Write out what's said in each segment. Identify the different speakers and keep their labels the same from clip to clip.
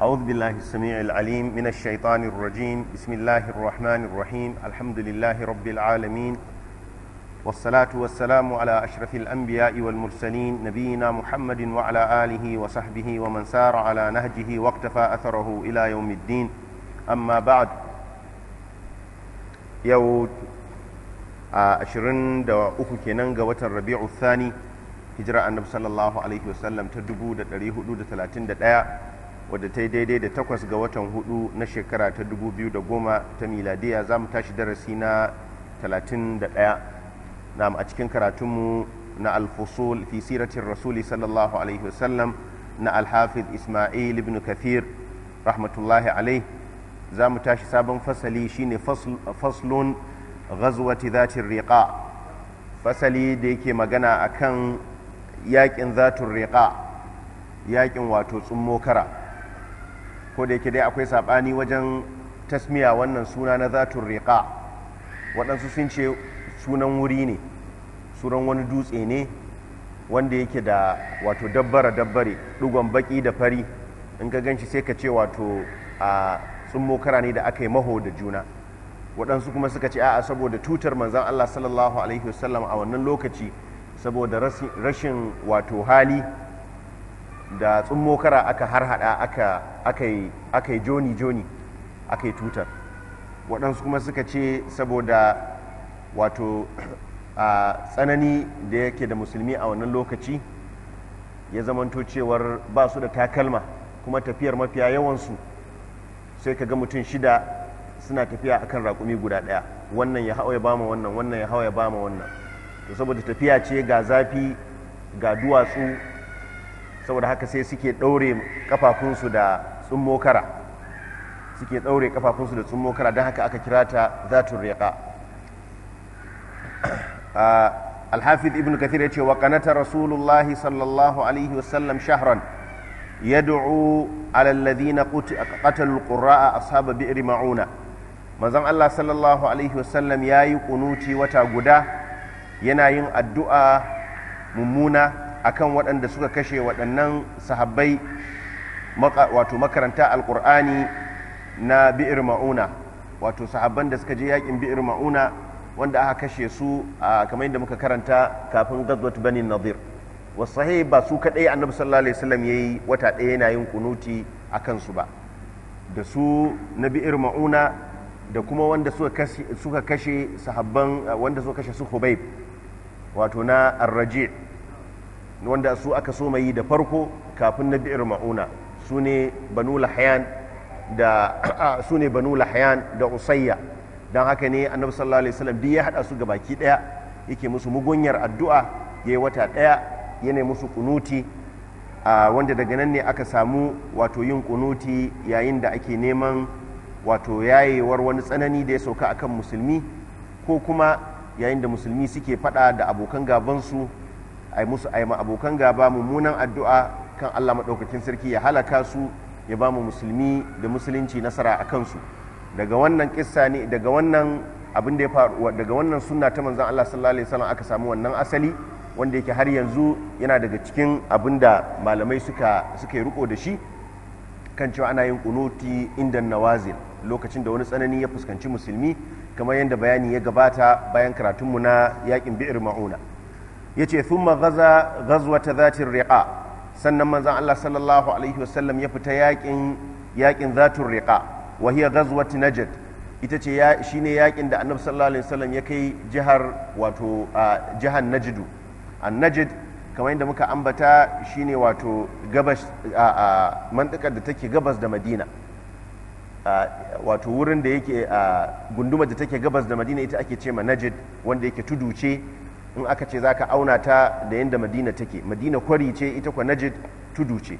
Speaker 1: أعوذ بالله السميع العليم من الشيطان الرجيم بسم الله الرحمن الرحيم الحمد لله رب العالمين والصلاة والسلام على أشرف الأنبياء والمرسلين نبينا محمد وعلى آله وصحبه ومن سار على نهجه واقتفى أثره إلى يوم الدين أما بعد يوم أشرن دو أكو كننغ الربيع الثاني هجرة النبي صلى الله عليه وسلم تدبو دو دو دو دو د wadda ta yi daidai da takwas ga watan hudu na shekara ta da goma ta miladiya za mu tashi darasi na talatin da ɗaya na a cikin karatunmu na alfusul fi siratin rasuli sallallahu alaihi wasallam na alhafiz ismail ibn kafir rahmatullahi alai za mu tashi sabon fasali shine faslun ghazwati zatin riƙa fasali da yake magana akan yakin zatin riƙa yakin wato tsummokara ko da yake dai akwai saɓani wajen tasmiya wannan suna na zatun riƙa waɗansu sun ce sunan wuri ne sunan wani dutse ne wanda yake da wato dabbara dabbare ɗugon baƙi da fari in ka ganshi sai ka ce wato a tsummo kara ne da aka yi maho da juna waɗansu kuma suka ce a'a saboda tutar manzan Allah sallallahu alaihi wasallam a wannan lokaci saboda rashin wato hali da tsummo kara aka harhada aka yi joni-joni aka yi tutar waɗansu kuma suka ce saboda wato a tsanani da yake da musulmi a wannan lokaci ya zamanto cewar ba su da takalma kuma tafiyar mafiya yawansu sai ka ga mutum shida suna tafiya akan rakumi guda ɗaya wannan ya hawa ya bama wannan wannan ya hawa ya bama wannan to saboda tafiya ce ga zafi ga duwatsu saboda haka sai suke ɗaure kafafunsu da tsummo kara suke ɗaure kafafunsu da tsummo kara don haka aka kira ta zatun riƙa ah, alhafiz ibn kathir ya ce wa kanata rasulullahi sallallahu alaihi wasallam shahran ya kuti ala alladhina qatalu a saba bi'r ma'una manzon Allah sallallahu alaihi wasallam yi kunuci wata guda yana yin addu'a mummuna akan waɗanda suka kashe waɗannan sahabbai wato makaranta Alƙur'ani na bi'ir ma'una wato sahabban da suka je yakin bi'ir ma'una wanda aka kashe su a kamar yadda muka karanta kafin gazwat bani nadir wasahi ba su kaɗai annabi sallallahu alaihi wasallam yi wata ɗaya yana yin kunuti a kansu ba da su na bi'ir ma'una da kuma wanda suka kashe sahabban wanda suka kashe su hubaib wato na arraji' wanda su aka so yi da farko kafin na bi'ir ma'una su ne banu lahayan da su usayya don haka ne annabi sallallahu alaihi wasallam duk ya hada su gabaki daya yake musu mugunyar addu'a ya yi wata daya yana musu kunuti wanda daga nan ne aka samu wato yin kunuti yayin da ake neman wato yayewar wani tsanani da ya sauka akan musulmi ko kuma yayin da musulmi suke fada da abokan gabansu ai musu ai abokan gaba mummunan addu'a kan Allah maɗaukakin sarki ya halaka su ya ba mu musulmi da musulunci nasara a kansu daga wannan kissa ne daga wannan abin da ya faru daga wannan sunna ta manzon Allah sallallahu alaihi wasallam aka samu wannan asali wanda yake har yanzu yana daga cikin abin da malamai suka suka yi riko da shi kan cewa ana yin kunuti inda nawazil lokacin da wani tsanani ya fuskanci musulmi kamar yadda bayani ya gabata bayan karatunmu na yakin bi'ir ma'una yace thumma gazuwa ta zatin riƙa sannan manzan Allah sallallahu alaihi wasallam ya fita yakin yakin riƙa riqa wa hiya ta najd ita ce shi shine yakin da annabi sallallahu alaihi wasallam ya kai jihar wato jihar najidu an Najid kamar yadda muka ambata shine wato gabas a mantikar da take gabas da madina wato wurin da yake gundumar da take gabas da madina ita ake ce ma najid wanda yake tudu ce in aka ce za ka auna ta da yadda madina take madina kwari ce ita kwa najid tudu ce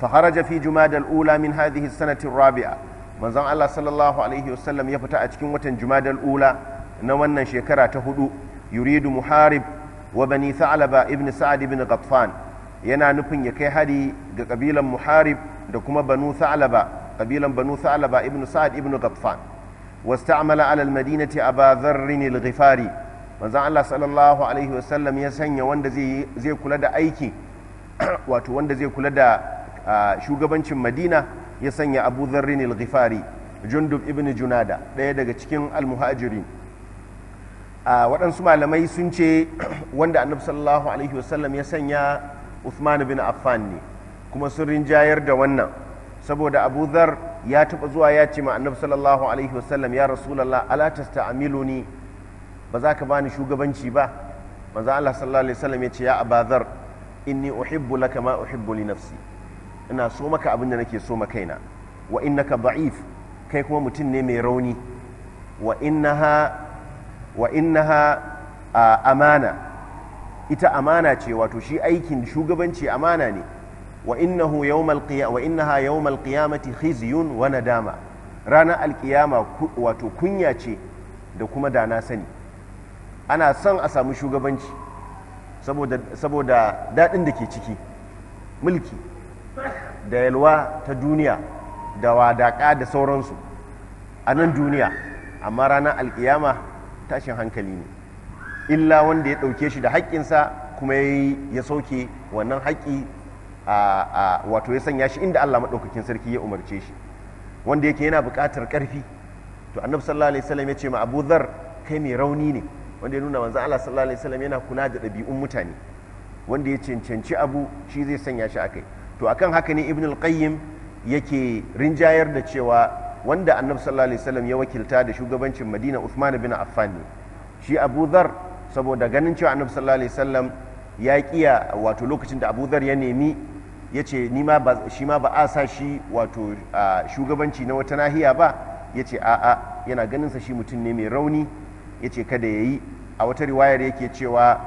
Speaker 1: faharaja fi jumada al'ula min hadhihi sanatin rabi'a manzon Allah sallallahu alaihi wasallam ya fita a cikin watan jumada al'ula na wannan shekara ta hudu yuridu muharib wa bani ibn sa'ad ibn ghatfan yana nufin ya kai hari ga kabilan muharib da kuma banu sa'alaba kabilan banu sa'alaba ibn sa'ad ibn ghatfan واستعمل على المدينة أبا ذر الغفاري manzan Allah sallallahu alaihi wasallam ya sanya wanda zai kula da aiki wato wanda zai kula da shugabancin madina ya sanya abu zarrin al-ghifari jundub ibn junada ɗaya daga cikin almuhajirin waɗansu malamai sun ce wanda annab sallallahu alaihi wasallam ya sanya usman bin affan ne kuma sun rinjayar da wannan saboda abu zar ya taɓa zuwa ya ce ma annabi sallallahu alaihi wasallam ya rasulallah ala tasta amiluni ba za ka bani shugabanci ba manzo Allah sallallahu alaihi wasallam ya ce ya abadhar inni uhibbu laka ma uhibbu li nafsi ina so maka abin da nake so ma kaina wa innaka da'if kai kuma mutum ne mai rauni wa innaha wa innaha amana ita amana ce wato shi aikin shugabanci amana ne wa innahu yawmal qiyamah wa innaha yawmal qiyamati khizyun wa nadama ranar alkiyama wato kunya ce da kuma dana sani ana son a samu shugabanci saboda daɗin da ke ciki mulki da yalwa ta duniya da wadaƙa da sauransu a nan duniya amma ranar alƙiyama tashin hankali ne illa wanda ya ɗauke shi da haƙƙinsa kuma ya sauke wannan haƙƙi a wato ya sanya shi inda Allah maɗaukakin sarki ya umarce shi wanda yake yana buƙatar ƙarfi to annabi sallallahu alaihi wasallam ya ce ma Abu zar kai mai rauni ne wanda ya nuna manzan Allah sallallahu alaihi wasallam yana kula da ɗabi'un mutane wanda ya cancanci abu shi zai sanya shi akai to akan haka ne ibn al-qayyim yake rinjayar da cewa wanda annabi sallallahu alaihi wasallam ya wakilta da shugabancin madina usman bin affan ne shi abu dhar saboda ganin cewa annabi sallallahu alaihi wasallam ya kiya wato lokacin da abu dhar ya nemi ya ce ni ma ba shi ma ba a sa shi wato shugabanci na wata nahiya ba ya ce a'a yana ganin sa shi mutum ne mai rauni ya ce kada ya yi a wata riwayar yake cewa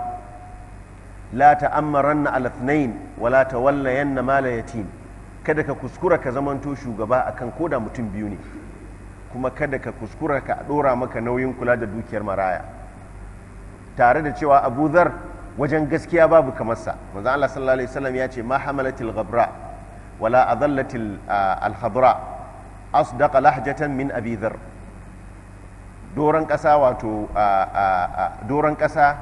Speaker 1: la ta'ammaranna alathnain wa la tawallayanna mala yatim kada ka kuskura ka zamanto shugaba akan koda mutum biyu ne kuma kada ka kuskura ka ɗora maka nauyin kula da dukiyar maraya tare da cewa Abu Dhar wajen gaskiya babu kamar sa manzo Allah sallallahu alaihi wasallam ya ce ma hamalatil ghabra wala adallatil al-khadra ah, asdaqa lahjatan min Abi Dhar doron ƙasa wato a doron ƙasa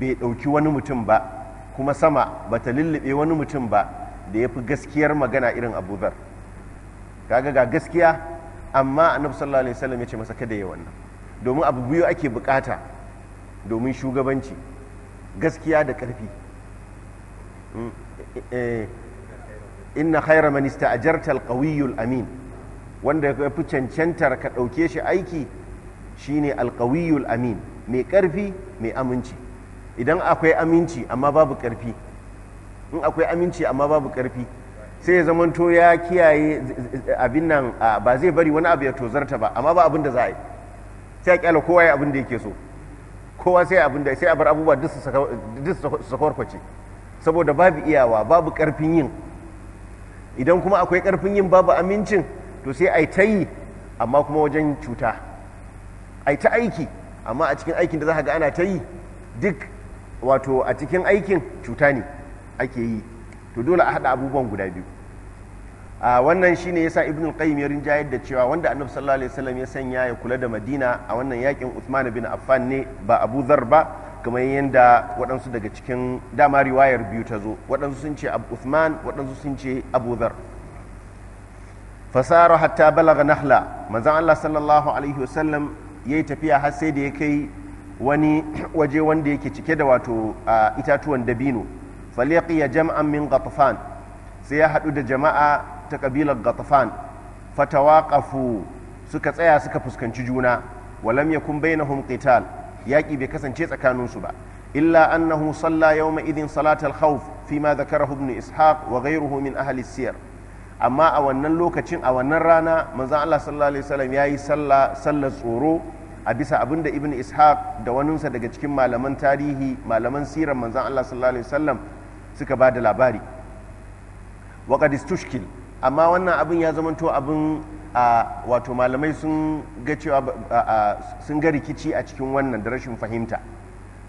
Speaker 1: bai ɗauki wani mutum ba kuma sama ba ta lullube wani mutum ba da ya fi gaskiyar magana irin abubuwar. kaga ga gaskiya amma annabi sallallahu alaihi wasallam ya ce masa kada ya wannan domin abu biyu ake bukata domin shugabanci gaskiya da ƙarfi mm, eh, eh, inna khaira man ista'jarta al-qawiyyu amin wanda ya fi cancantar ka ɗauke shi aiki shine alkawiyul amin mai karfi mai aminci idan akwai aminci amma babu karfi in akwai aminci amma babu karfi sai ya zamanto ya kiyaye abin nan ba zai bari wani abu ya tozarta ba amma ba abin da za a yi sai a kyala kowa ya abin da yake so kowa sai abin da sai a bar abubuwa duk su sakwarkwace saboda babu iyawa babu karfin yin idan kuma akwai karfin yin babu amincin to sai a yi ta yi amma kuma wajen cuta ai ta aiki amma a cikin aikin da za ga ana ta yi duk wato a cikin aikin cuta ne ake yi to dole a haɗa abubuwan guda biyu a wannan shine yasa ibn al-qayyim ya rinja da cewa wanda annabi sallallahu alaihi wasallam ya sanya ya kula da madina a wannan yakin usman bin affan ne ba abu zar ba kamar yadda waɗansu daga cikin dama riwayar biyu ta zo waɗansu sun ce abu usman waɗansu sun ce abu zar fasara hatta balaga nahla manzon allah sallallahu alaihi wasallam ya yi tafiya har sai da ya kai wani waje wanda yake cike da wato itatuwan dabino ya jam'an min ghatafan sai ya haɗu da jama'a ta kabilar ghatafan fatawaqafu suka tsaya suka fuskanci juna walam yakun bainahum qital yaki bai kasance tsakaninsu ba illa annahu salla yawma idin salatal hauf fi ma dhakarahu ibn ishaq wa gairu humin ahli siyar amma a wannan lokacin a wannan rana manzon Allah sallallahu alaihi wasallam yayi sallah sallar tsoro a bisa abin da ibn ishaq da waninsa daga cikin malaman tarihi malaman siran manzan allah sallallahu alaihi wasallam suka ba da labari waƙad tushkil amma wannan abin ya zamanto abin a wato malamai sun ga cewa sun ga rikici a cikin wannan da rashin fahimta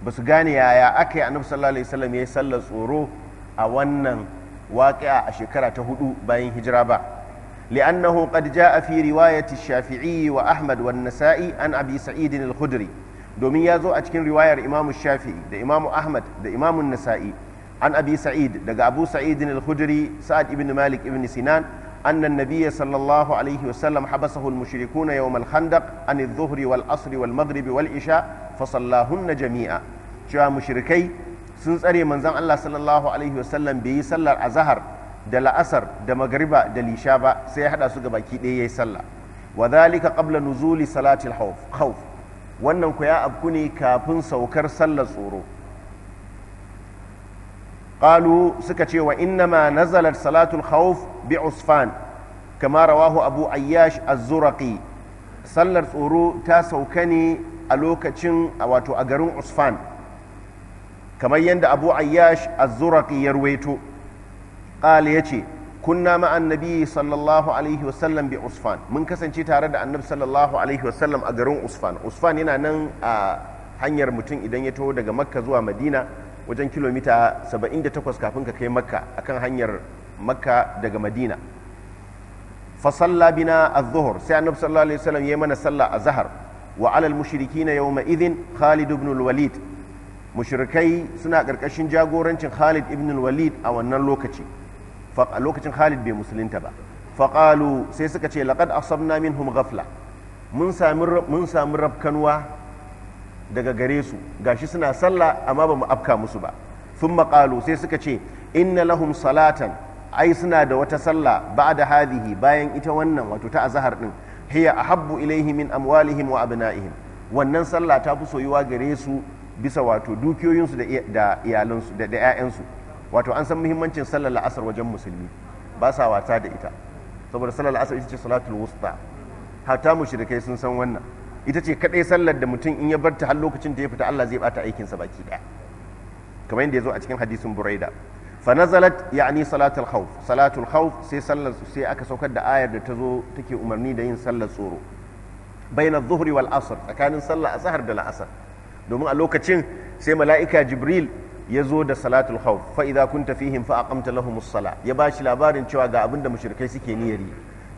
Speaker 1: ba su gane yaya aka yi annabi sallallahu alaihi wasallam ya yi sallar tsoro a wannan waƙi'a a shekara ta hudu bayan hijira ba لأنه قد جاء في رواية الشافعي وأحمد والنسائي عن أبي سعيد الخدري دومي يازو أتكين رواية الإمام الشافعي ده إمام أحمد ده إمام النسائي عن أبي سعيد ده أبو سعيد الخدري سعد ابن مالك ابن سنان أن النبي صلى الله عليه وسلم حبسه المشركون يوم الخندق عن الظهر والعصر والمغرب والعشاء فصلاهن جميعا شوى مشركي سنسأري منزان الله صلى الله عليه وسلم بي صلى الأزهر da la'asar da magariba da lisha ba sai ya hada su ga baki ɗaya yayi sallah wa ƙabla qabla nuzuli salatil khawf wannan ku ya abku ne kafin saukar sallar tsoro qalu suka ce wa innama nazalat salatul khawf bi usfan kama rawahu abu ayyash az-zuraqi sallar tsoro ta sauka ne a lokacin wato a garin usfan kamar yadda abu ayyash az-zuraqi ya ruwaito qala yace kunna ma annabi sallallahu alaihi wasallam bi usfan mun kasance tare da annabi sallallahu alaihi wasallam a garin usfan usfan yana nan a hanyar mutum idan ya taho daga makka zuwa madina wajen kilomita 78 kafin ka kai makka akan hanyar makka daga madina fasalla bina az-zuhr sai annabi sallallahu alaihi wasallam yayi mana sallah a zahar wa alal mushrikina yawma idhin khalid ibn al-walid suna karkashin jagorancin khalid ibn al a wannan lokaci a lokacin khalid bai musulunta ba faƙalu sai suka ce laƙad min minhum gafla. mun sami rafkanwa daga gare su shi suna sallah amma ba mu afka musu ba sun maƙalu sai suka ce inna lahum salatan ai suna da wata sallah ba da hadihi bayan ita wannan wato ta azahar ɗin. hiya ahabbu ilaihi min amwalihim wa abna'ihim wannan sallah ta fi soyuwa gare su bisa wato dukiyoyinsu da da 'ya'yansu wato an san muhimmancin sallar la'asar wajen musulmi ba sa wata da ita saboda sallar la'asar ita ce salatul wusta hatta mushrikai sun san wannan ita ce kadai sallar da mutum in ya bar ta har lokacin da ya fita Allah zai bata aikin sa baki daya kamar yadda yazo a cikin hadisin Buraida fa nazalat yani salatul khawf salatul khawf sai sallar sai aka saukar da ayar da tazo take umarni da yin sallar tsoro baina zuhri wal asr tsakanin sallar asar da la'asar domin a lokacin sai mala'ika Jibril ya zo da salatul khawf fa idza kunta fihim fa aqamta as-salah ya bashi labarin cewa ga abin da mushrikai suke niyyari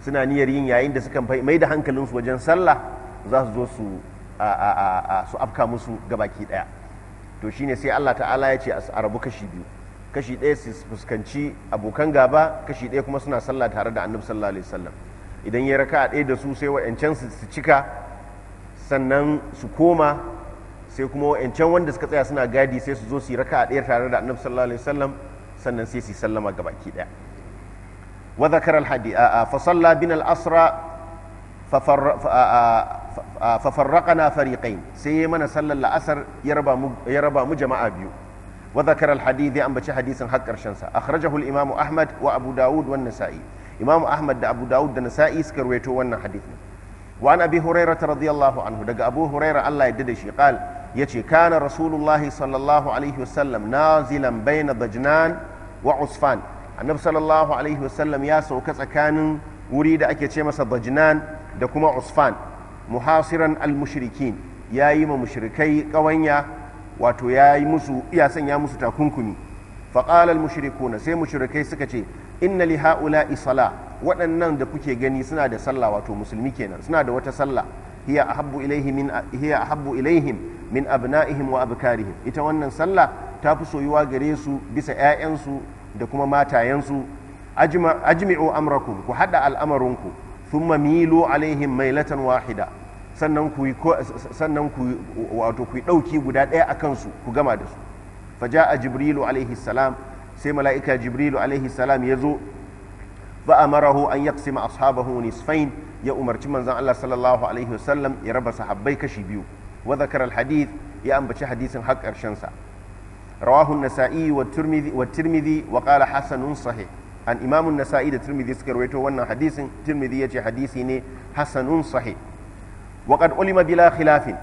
Speaker 1: suna niyyar yin yayin da suka mai da hankalin su wajen sallah za su zo su su afka musu gabaki daya to shine sai Allah ta'ala ya ce a rabu kashi biyu kashi ɗaya su fuskanci abokan gaba kashi ɗaya kuma suna sallah tare da annabi sallallahu alaihi wasallam idan ya raka ɗaya da su sai wa'ancan su cika sannan su koma sai kuma wa'ancan wanda suka tsaya suna gadi sai su zo su yi raka a ɗaya tare da annabi sallallahu alaihi wasallam sannan sai su sallama ga baki ɗaya wa zakara alhadi fa salla bin al-asra fa na fariqain sai yayi mana sallar la'asar ya raba mu ya raba jama'a biyu wa zakara alhadith ya ambaci hadisin har karshen sa akhrajahu al-imam ahmad wa abu daud wa an-nasa'i imam ahmad da abu daud da nasa'i suka rawaito wannan hadisin wa an abi hurairah radiyallahu anhu daga abu hurairah Allah ya dade shi qala ya ce kana rasulullahi sallallahu alaihi wasallam nazilan baina bajnan wa usfan annabi sallallahu alaihi wasallam ya sauka tsakanin wuri da ake ce masa bajnan da kuma usfan muhasiran al-mushrikin ya yi ma mushrikai ƙawanya wato ya musu iya sanya musu takunkumi faƙalar mushrikuna sai mushrikai suka ce inna li ha'ula'i sala waɗannan da kuke gani suna da sallah wato musulmi kenan suna da wata sallah hiya ahabbu ilaihi min hiya ahabbu ilaihim min abna'ihim wa abkarihim ita wannan sallah ta fi soyuwa gare bisa ƴaƴansu da kuma matayensu ajmi'u amraku ku hada al'amarinku thumma milu alaihim mai latan sannan sannan ku wato ku dauki guda ɗaya a kansu ku gama da su faja'a jibrilu alaihi salam sai mala'ika jibrilu alaihi salam ya zo فأمره أن يقسم أصحابه نصفين يا أمر من زعل الله صلى الله عليه وسلم يا رب صحابي كشبيو وذكر الحديث يا أم بشي حديث حق أرشنسا رواه النسائي والترمذي, والترمذي وقال حسن صحيح عن إمام النسائي الترمذي سكرويته وانا حديث ترمذي يجي حديثي حسن صحيح وقد علم بلا خلاف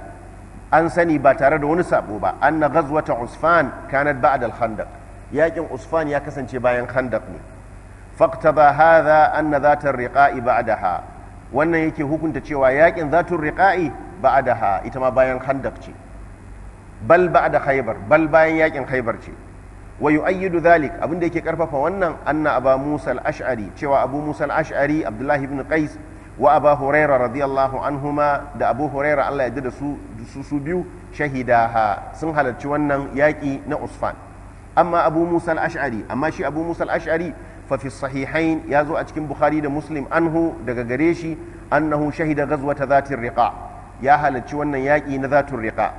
Speaker 1: an sani ba tare da wani sabo ba an na gazwata usfan kanat ba'da al-khandaq yakin usfan ya kasance bayan khandaq ne faqtaba hadha anna zatar riqa'i ba'daha wannan yake hukunta cewa yakin zatur riqa'i ba'daha ita ma bayan handak ce bal ba'da khaybar bal bayan yakin haibar ce wa yu'ayyidu dhalik abinda yake karfafa wannan anna aba musa ashari cewa abu musa ashari abdullahi ibn qais wa aba huraira radiyallahu anhuma da abu huraira Allah ya da su su biyu shahidaha sun halarci wannan yaƙi na usfan amma abu musa ashari amma shi abu musal ashari fa fi ya zo a cikin bukhari da muslim anhu daga gare shi annahu shahida ghazwata zatir riqa ya halarci wannan yaki na zatur riqa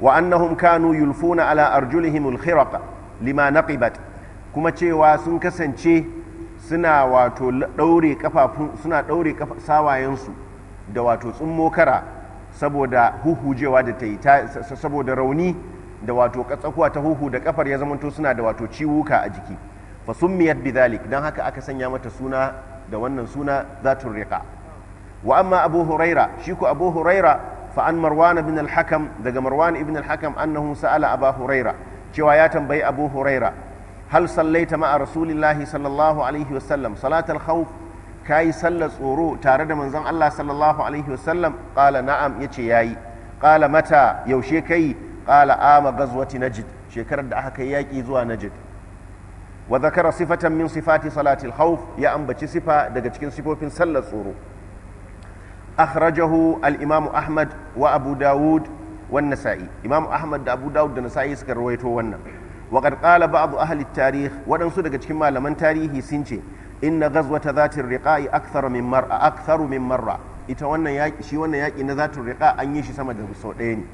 Speaker 1: wa annahum kanu yulfuna ala arjulihim alkhiraq lima naqibat kuma cewa sun kasance suna wato daure sawayensu da wato tsummokara saboda huhujewa da ta yi saboda rauni da wato tsakuwa ta huhu da kafar ya zamanto suna da wato ciwuka a jiki fa summiyat bidhalik dan haka aka sanya mata suna da wannan suna zatun riqa wa amma abu huraira shi ku abu huraira fa an marwan ibn al-hakam daga marwan ibn al-hakam annahu sa'ala abu huraira cewa ya tambayi abu huraira hal sallaita ma'a rasulillahi sallallahu alaihi wasallam salatal khawf kai sallar tsoro tare da manzon Allah sallallahu alaihi wasallam qala na'am yace yayi qala mata yaushe kai qala ama ghazwati najd shekarar da aka kai yaki zuwa najd wa zakara sifatan min sifati salati al-khawf ya ambaci sifa daga cikin sifofin sallar tsoro akhrajahu al-imam ahmad wa abu daud wa nasai imam ahmad da abu daud da nasa'i suka rawaito wannan wa qad qala ba'd ahli at-tarikh wadansu daga cikin malaman tarihi sun ce inna ghazwata zati ar-riqa'i akthar min mar'a akthar min marra ita wannan yaki shi wannan yaki na zatin riqa an yi shi sama da sau ɗaya ne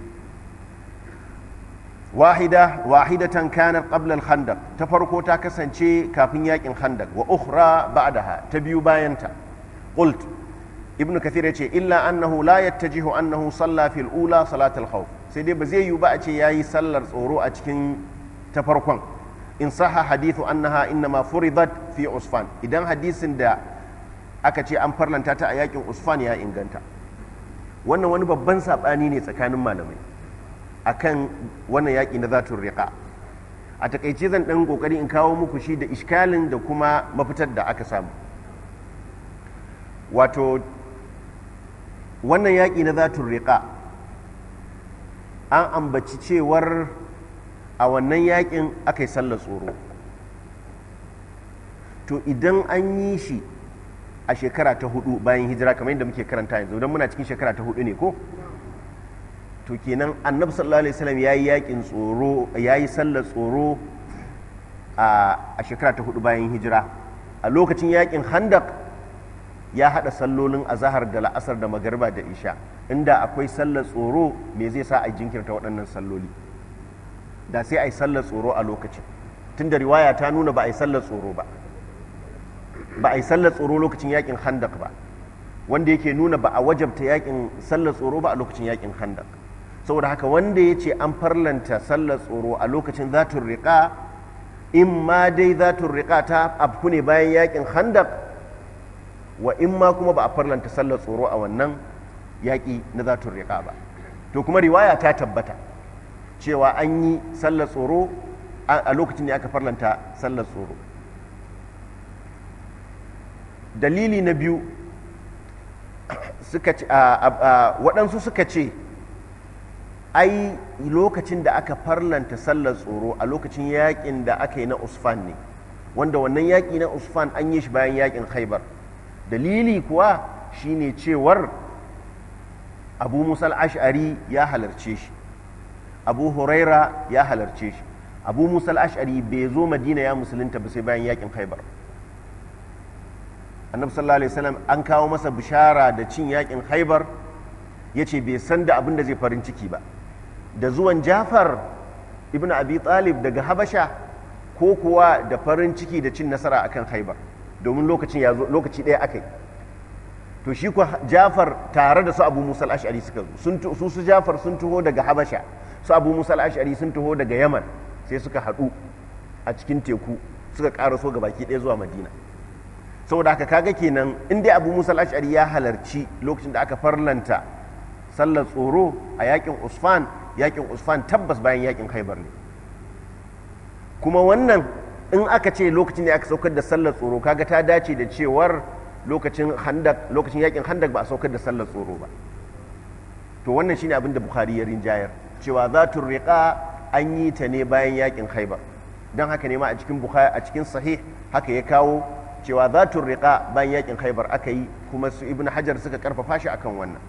Speaker 1: wahida wahidatan kanat qabla al-khandaq ta farko ta kasance kafin yakin khandaq wa ukhra ba'daha ta biyu bayanta qult ibn kathir yace illa annahu la yattajihu annahu salla fi al-ula salat al-khawf sai dai ba zai yi ba a ce yayi sallar tsoro a cikin ta farkon in saha hadithu annaha innama furidat fi usfan idan hadisin da aka ce an farlanta ta a yakin usfan ya inganta wannan wani babban sabani ne tsakanin malamai akan wannan yaƙi na zatun riƙa a takaice zan ɗan ƙoƙari in kawo muku shi da iskalin da kuma mafitar da aka samu wato wannan yaƙi na zatun riƙa an ambaci cewar a wannan yaƙin aka yi sallar tsoro to idan an yi shi a shekara ta hudu bayan hijira kamar yadda muke karanta yanzu don muna cikin shekara ta hudu ne ko to kenan annabi sallallahu alaihi wasallam yayi yakin tsoro yayi sallar tsoro a shekara ta hudu bayan hijira a lokacin yakin handak ya hada sallolin azahar da la'asar da magariba da isha inda akwai sallar tsoro me zai sa a jinkirta waɗannan salloli da sai a yi sallar tsoro a lokacin tunda riwaya ta nuna ba a yi sallar tsoro ba ba a yi sallar tsoro lokacin yakin handak ba wanda yake nuna ba a wajabta yakin sallar tsoro ba a lokacin yakin handak saboda haka wanda ya ce an farlanta sallar tsoro a lokacin zatun riƙa in ma dai zatun riƙa ta afku ne bayan yakin handak wa in ma kuma ba a farlanta sallar tsoro a wannan yaƙi na zatun riƙa ba to kuma riwaya ta tabbata cewa an yi sallar tsoro a lokacin da aka farlanta sallar tsoro dalili na biyu waɗansu suka ce ai lokacin da aka farlanta sallar tsoro a lokacin yakin da aka yi na usfan ne wanda wannan yaki na usfan an yi shi bayan yakin khaibar dalili kuwa shine cewar abu musal ash'ari ya halarce shi abu huraira ya halarce shi abu musal ash'ari bai zo madina ya musulunta ba sai bayan yakin khaibar annabi sallallahu alaihi wasallam an kawo masa bishara da cin yakin khaibar yace bai san da abin da zai farin ciki ba da zuwan jafar ibn abi talib daga habasha ko kuwa da farin ciki da cin nasara akan haibar domin lokacin ya lokaci ɗaya aka yi to shi ku jafar tare da su abu musa al-ash'ari suka zo su su jafar sun taho daga habasha su abu musa al-ash'ari sun taho daga yaman sai suka haɗu a cikin teku suka ƙara so ga baki ɗaya zuwa madina saboda haka kaga kenan in dai abu musa al-ash'ari ya halarci lokacin da aka farlanta sallar tsoro a yakin usfan yakin usfan tabbas bayan yakin khaibar ne kuma wannan in aka ce lokacin da aka saukar da sallar tsoro kaga ta dace da cewar lokacin handak lokacin yakin handak ba a saukar da sallar tsoro ba to wannan shine abin da bukhari ya rinjayar cewa zatul riqa an yi ta ne bayan yakin khaibar don haka ne ma a cikin bukhari a cikin sahih haka ya kawo cewa zatul riqa bayan yakin khaibar aka yi kuma su ibnu hajar suka karfafa shi akan wannan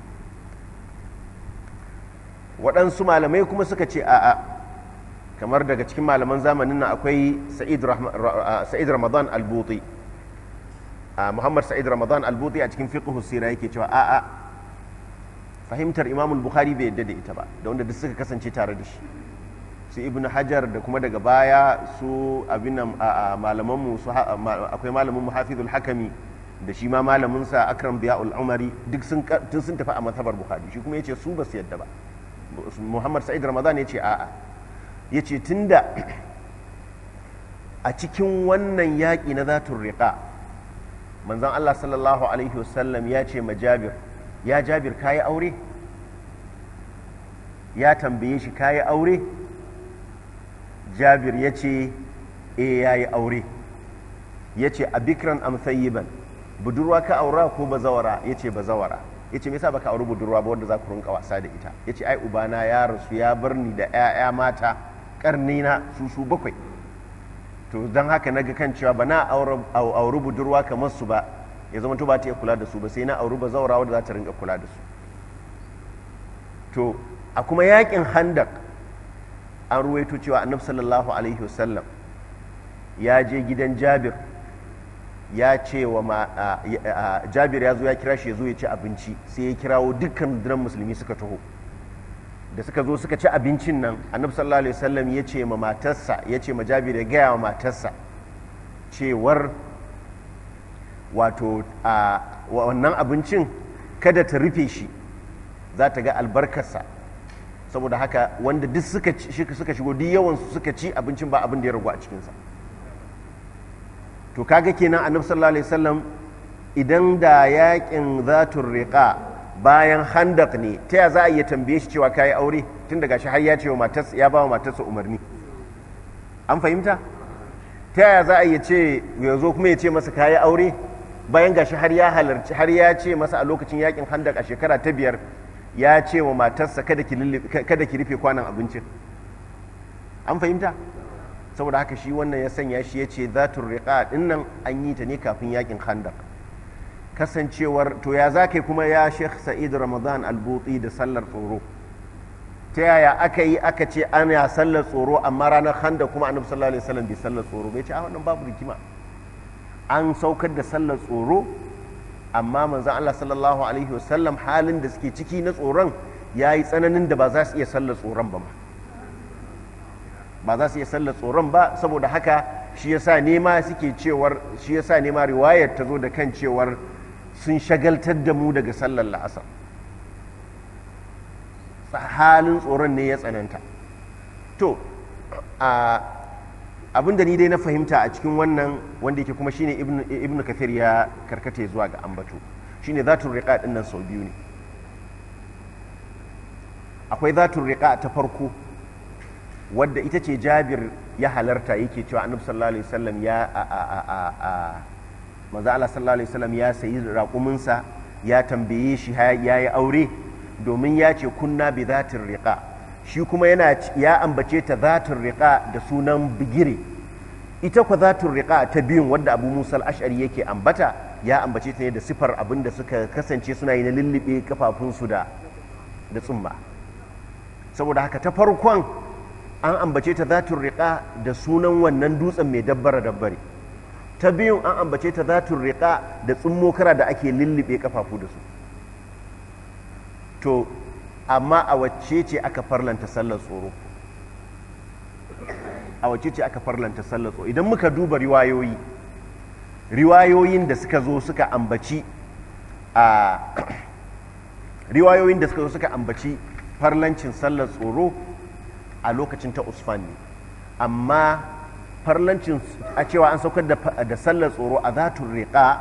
Speaker 1: waɗansu malamai kuma suka ce a'a kamar daga cikin malaman zamanin nan akwai sa'id ramadan albuti muhammad sa'id ramadan albuti a cikin fiqhu sira yake cewa a'a fahimtar imamul bukhari bai yadda da ita ba da wanda duk suka kasance tare da shi su ibn hajar da kuma daga baya su abin nan malamanmu akwai malamin muhafizul hakami da shi ma malamin sa akram biya umari duk sun tafi a mazhabar bukhari shi kuma yace su ba su yadda ba muhammad sa'id ramadan ya ce a'a ya ce tunda a cikin wannan yaƙi na zatun riƙa manzan allah sallallahu alaihi wasallam ya ce ma jabir ya jabir kayi aure ya tambaye shi kayi aure jabir ya ce e ya yi aure ya ce a bikran ban budurwa ka aura ko bazawara ya ce bazawara ya ce me yasa baka auri budurwa ba wanda za ku rinka wasa da ita ya ce ai ubana ya rasu ya bar ni da 'ya'ya mata na su su bakwai to don haka na ga kan cewa ba na auri budurwa kamar su ba ya zama to ba ta iya kula da su ba sai na auri ba zaura wadda za ta rinka kula da su to a kuma yakin handak an ruwaito cewa annabi sallallahu alaihi wasallam ya je gidan jabir ya ce wa jabir ya zo ya kira shi ya zo ya ci abinci sai ya kirawo dukkan rundunar musulmi suka taho da suka zo suka ci abincin nan annabi sallallahu alaihi wasallam ya ce ma matarsa ya ce ma jabir ya gaya wa matarsa cewar wato a wannan abincin kada ta rufe shi za ta ga albarkarsa saboda haka wanda duk suka shigo duk yawansu suka ci abincin ba abin da ya ragu a cikinsa to kaga kenan annabi sallallahu alaihi wasallam idan da yakin zatur riqa bayan handak ne ta ya za a iya tambaye shi cewa kayi aure tun daga shi har ya ce wa matarsa ya ba wa matarsa umarni an fahimta ta ya za a iya ce ya zo kuma ya ce masa kayi aure bayan gashi har ya halarci har ya ce masa a lokacin yakin handak a shekara ta biyar ya ce wa matarsa kada ki rufe kwanan abincin an fahimta saboda haka shi wannan ya sanya shi ya ce zatun riƙa dinnan an yi ta ne kafin yakin khandak kasancewar to ya za kuma ya sheikh sa'id ramadan albuti da sallar tsoro ta yaya aka yi aka ce ana sallar tsoro amma ranar handa kuma annabi sallallahu alaihi wasallam bai sallar tsoro bai ce a wannan babu rikima an saukar da sallar tsoro amma manzon Allah sallallahu alaihi wasallam halin da suke ciki na tsoron yayi tsananin da ba za su iya sallar tsoron ba ma ba za su iya sallar tsoron ba saboda haka shi ya sa nema suke cewar shi ya sa nema riwayar ta zo da kan cewar sun shagaltar da mu daga sallar la'asar halin tsoron ne ya tsananta to abin da ni dai na fahimta a cikin wannan wanda yake kuma shine ibnu kathir ya karkata zuwa ga ambato shine zatun riƙa ɗin nan sau biyu ne akwai zatun riƙa ta farko wadda ita ce jabir ya halarta yake cewa annabi sallallahu alaihi wasallam ya a a a a maza Allah sallallahu alaihi wasallam ya sayi raƙuminsa ya tambaye shi ya yi aure domin ya ce kunna bi zatin riqa shi kuma yana ya ambace ta zatin riqa da sunan bigire ita kwa zatin riqa ta biyun wadda Abu Musa al-Ash'ari yake ambata ya ambace ta ne da sifar abin da suka kasance suna yi na lullube kafafunsu da da tsumma saboda haka ta farkon an ambace ta zatun riƙa da sunan wannan dutsen mai dabbara dabbare ta biyun an ambace ta zatun riƙa da kara da ake lullube kafafu da su to amma a wacce ce aka farlanta sallar tsoro a wacce ce aka farlanta sallar tsoro idan muka duba riwayoyi riwayoyin da suka zo suka ambaci a riwayoyin da suka zo suka ambaci farlancin sallar tsoro a lokacin ta usfan amma farlancin a cewa an saukar da sallar tsoro a zatun riƙa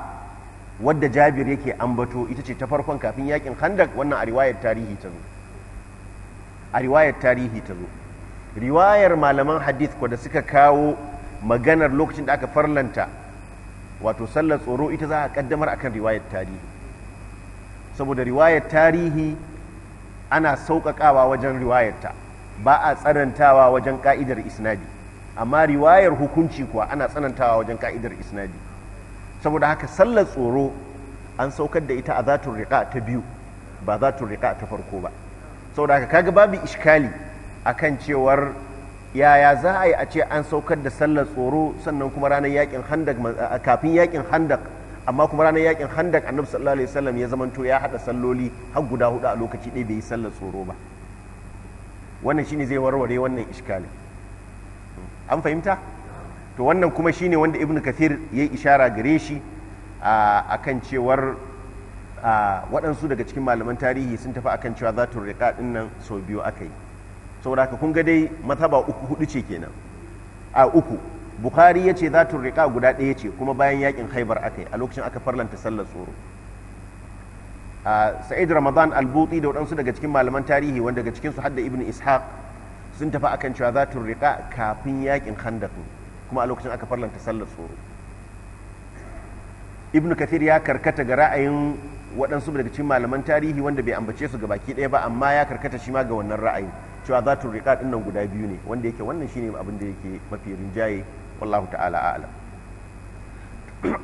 Speaker 1: wadda jabir yake ambato ita ce ta farkon kafin yakin handak wannan a riwayar tarihi ta zo a riwayar tarihi ta zo riwayar malaman hadith kwa da suka kawo maganar lokacin da aka farlanta wato sallar tsoro ita za a kaddamar akan riwayar tarihi saboda riwayar tarihi ana sauƙaƙawa wajen riwayarta ba a tsanantawa wajen ka'idar isnadi amma riwayar hukunci kuwa ana tsanantawa wajen ka'idar isnadi saboda haka sallar tsoro an saukar da ita a zatun riƙa ta biyu ba zatun riƙa ta farko ba saboda haka kaga babu iskali kan cewar yaya za a yi a ce an saukar da sallar tsoro sannan kuma ranar yakin handak kafin yakin handak amma kuma ranar yakin handak annabi sallallahu alaihi ya zamanto ya haɗa salloli har guda hudu a lokaci ɗaya bai yi sallar tsoro ba wannan shine zai warware wannan iskali an fahimta to wannan kuma shine wanda ibn kathir ya yi ishara gare shi a kan cewar waɗansu daga cikin malaman tarihi sun tafi akan cewa za ta riƙa nan sau biyu aka yi saboda haka kun ga dai mazhaba uku hudu ce kenan a uku bukhari ya ce za ta riƙa guda ɗaya ce kuma bayan yakin haibar aka yi a lokacin aka farlanta sallar tsoro Ah, sa'id ramadan albuti da waɗansu daga cikin malaman tarihi wanda daga cikinsu hadda ibn ishaq sun tafi akan cewa za ta riƙa kafin yakin khandaq kuma a lokacin aka farlanta sallar tsoro ibn kathir ya karkata ga ra'ayin waɗansu daga cikin malaman tarihi wanda bai ambace su gabaki daya ba amma ya karkata shi ma ga wannan ra'ayi cewa za ta riƙa ɗin nan guda biyu ne wanda yake wannan shine abin da yake mafi rinjaye wallahu ta'ala a'lam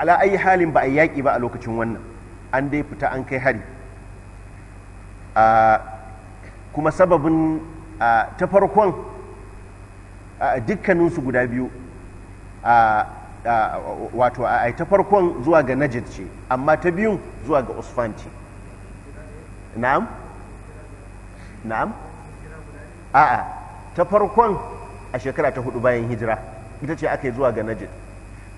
Speaker 1: ala ayi halin ba a yaƙi ba a lokacin wannan an dai fita an kai hari kuma sababin ta farkon dukkaninsu guda biyu wato a ta farkon zuwa ga najid ce amma ta biyun zuwa ga usfan ce na'am na'am a'a ta farkon a shekara ta hudu bayan hijira ita ce aka yi zuwa ga najid